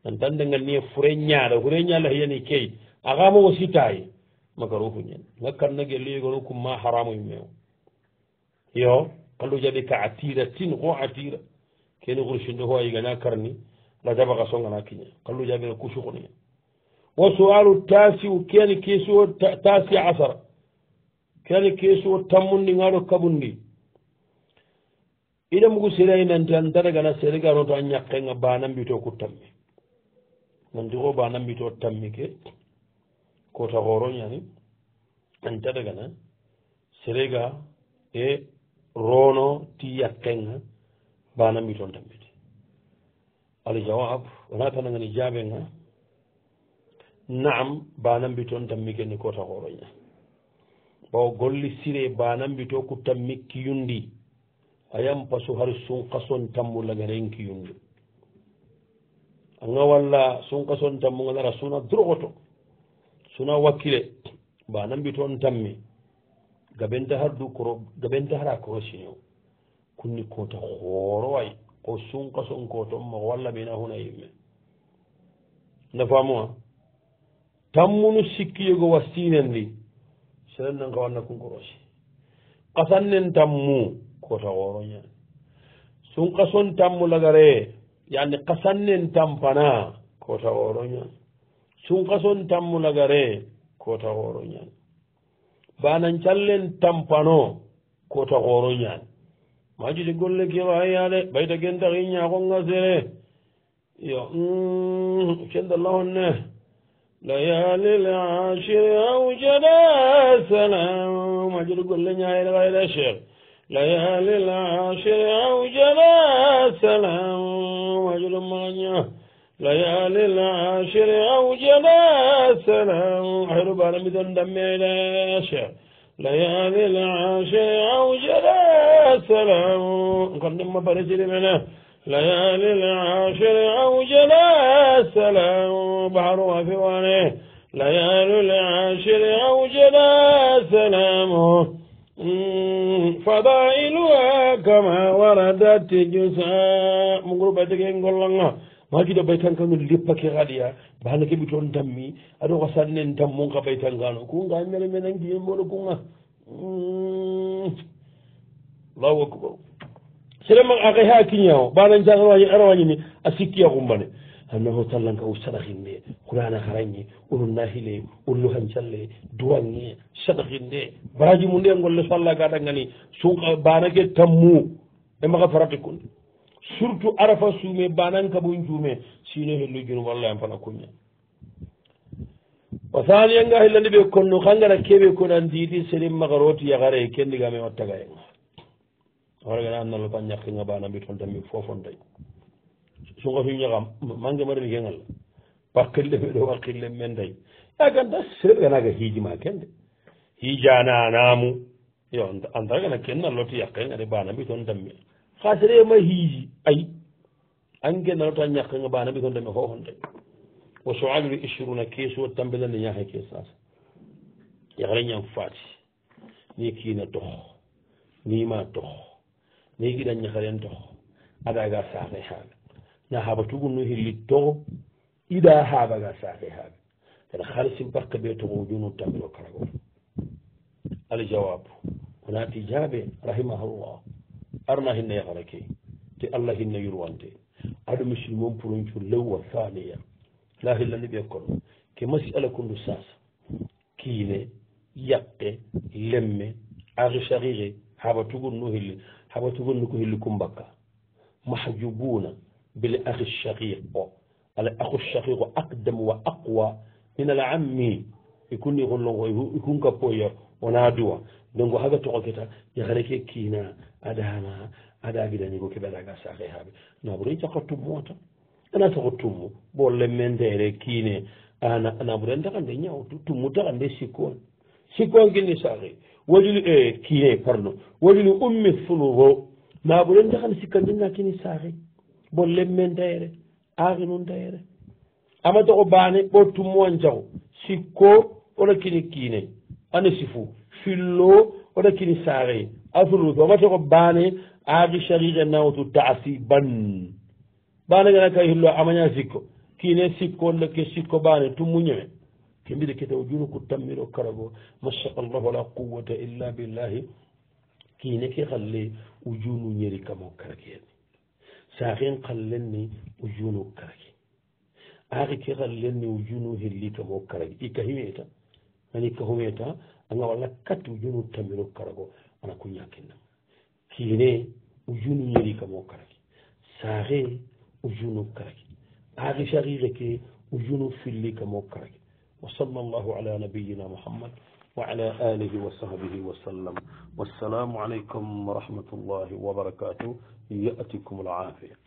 nantan dengal niye fure ñaada fure ña lahiyani e key agamowo sitaye makaruhuñen gakkannagelliyegono kumma haramu yimmeo e yo allu jaɓe ka a tiira tin ko a tiira keni gursinde ko ayigana karni la jabaka songana kiña kallu jaɓe kusukonia wo sowalu tasiu keni kesuo tasi asara keni kesuo tammundi ngaɗo kabundi ida mugu sirai nanti an taragana serigaroto a ñakkenga banambito ku tammi nanti ko banambito tammi ke kota horoñani an taragana serega e rono tiya tenga bana mi ton tambiti al jawab wala tan ngani jabe nga naam bana mi ton tammi ken ko ta horo nya ba golli sire bana mi to ku tammi ki yundi ayam pasu har sun qason tammu la ngaren ki yundi anga walla sun qason tammu ngala rasuna drogoto suna wakile bana mi ton tammi gaɓen dahar du koro gaɓen dahara korosino kunni kota horowayi ko sunka son koto ma walla ɓena huna yimme nafamuwa tammunu sikkiyego wastinen ndi seren nan kawanna kun korosi kasannen tammu kota horoñani sunka son tammu lagare yani kasannen tampana kota horoñani sunka son tammu lagare kota horoñani banan challen tampano ko to goro nyaan maji de golle ke wa yaade bayda gen da yinya ko ngasere yo mm ken da lawon ne layali al-ashr aw jada salam maji de golle nyaay da bayda sheikh layali al-ashr aw jada salam maji de ma nyaa ليالي العاشر أوجنا سلام حلو على مدن دمي لاشا ليالي العاشر أوجنا سلام نقدم ما برجل ليالي العاشر أوجنا سلام بحر وانه ليالي العاشر أوجنا سلامه فضائلها كما وردت جزاء مقربتك نقول الله maajuɗo baytankano lippake haɗiya bana keɓi toon dammi aɗo ko sannen dammunka baytankano kunga mere me nangdin mono kunga mm. lawa kuba serema aka ha kiña o bana jangaroañi arawañini a sikkiya kumbane annaho tallanka u saɗakinde qurana karañi onu nahile ollu han calle duwange saɗakinde baraji mum ɗe golle so allah gaɗangani suka banake tammu e maka farate kunde surtout arafa suume banankabun cuume sino hello juno wallah en fana kuña wa sani enga hillandi ɓe konno kangara keɓe konan diiɗi serin makaroti yakare kendiga men wattaga enga warogana annallah tan ñakkinga banambi toon tanmi fofontay sunga fi ñakam mangue marini kengal pakkille meɗo wakkille men tay yaganta serganaga hiijima kende hiijananamu yo antaragana kennallo ti yakkengade banambi toon tanmi kasere ma hiiji ayi anke nanota ñakka nga banabi ko ndeme fofon de wo soalru isruna keeso o tambelande ñaaka e kee sasa yakre ñang faati ni kiina dox niima dox ni gida ñakaren dox adaga saake haaga na haaba tugu no hilli togo ida haabaga saake haaga kada xaalisim barka ɓe togo junu tambelo karagol aljawab wona tijaabe rahimahullah أرنا هنا يا غركي تي الله هنا يروانتي أدو مسلمون برونجو لو ثانية لا هلا نبي أقول كي مسألة كل ساس كيني يقى لمة أغي شغيغي حابا تقول نوهل حابا تقول نوهل لكم بكا محجوبون بالأخ الشقيق على أخو الشقيق أقدم وأقوى من العمي يكون يقول له يكون كبوير wona duwa donko haga togoketa yahareke kiina adama aɗa gidanigo keɓe aɗaga sahe haaɓe naɓure jakka tummo ata ana tako tummo bo lemme ndere kiine naɓure ndaka nde ñawtu tummo taka nde sikkoon sikkoon kinni sahe waɗilu e eh, kiine pardon waɗilu ummi fulubo naɓure ndaka ne sikka ndenna kini sahe bo lemme ndeere aaki nu ndeere ama tako baane ɓo tummoan jaw sikko ono kini kiinei أنا سيفو فيلو ولكن ساري أفلوس وما تقول باني أغي شريجة ناو تتعسيبان باني جانا كاي هلو أمانيا سيكو كيني سيكو لكي سيكو باني تمونيو كم بيدي كتاو جنو كتاميرو كرغو مشاق الله ولا قوة إلا بالله كيني كي غلي وجنو نيري كمو كرغيان ساقين قلني وجنو كرغي أغي كي غلني وجنو هلي كمو كرغي إيكا هميتا ani kahumeta anga walla katti ujunu tammino karago ana kuña kenna kiine ujunu ñeri kamo karaki sare ujunu karaki aaki saxiire ke ujunu fili kamo karaki وصلى الله على نبينا محمد وعلى آله وصحبه وسلم والسلام عليكم ورحمة الله وبركاته يأتكم العافية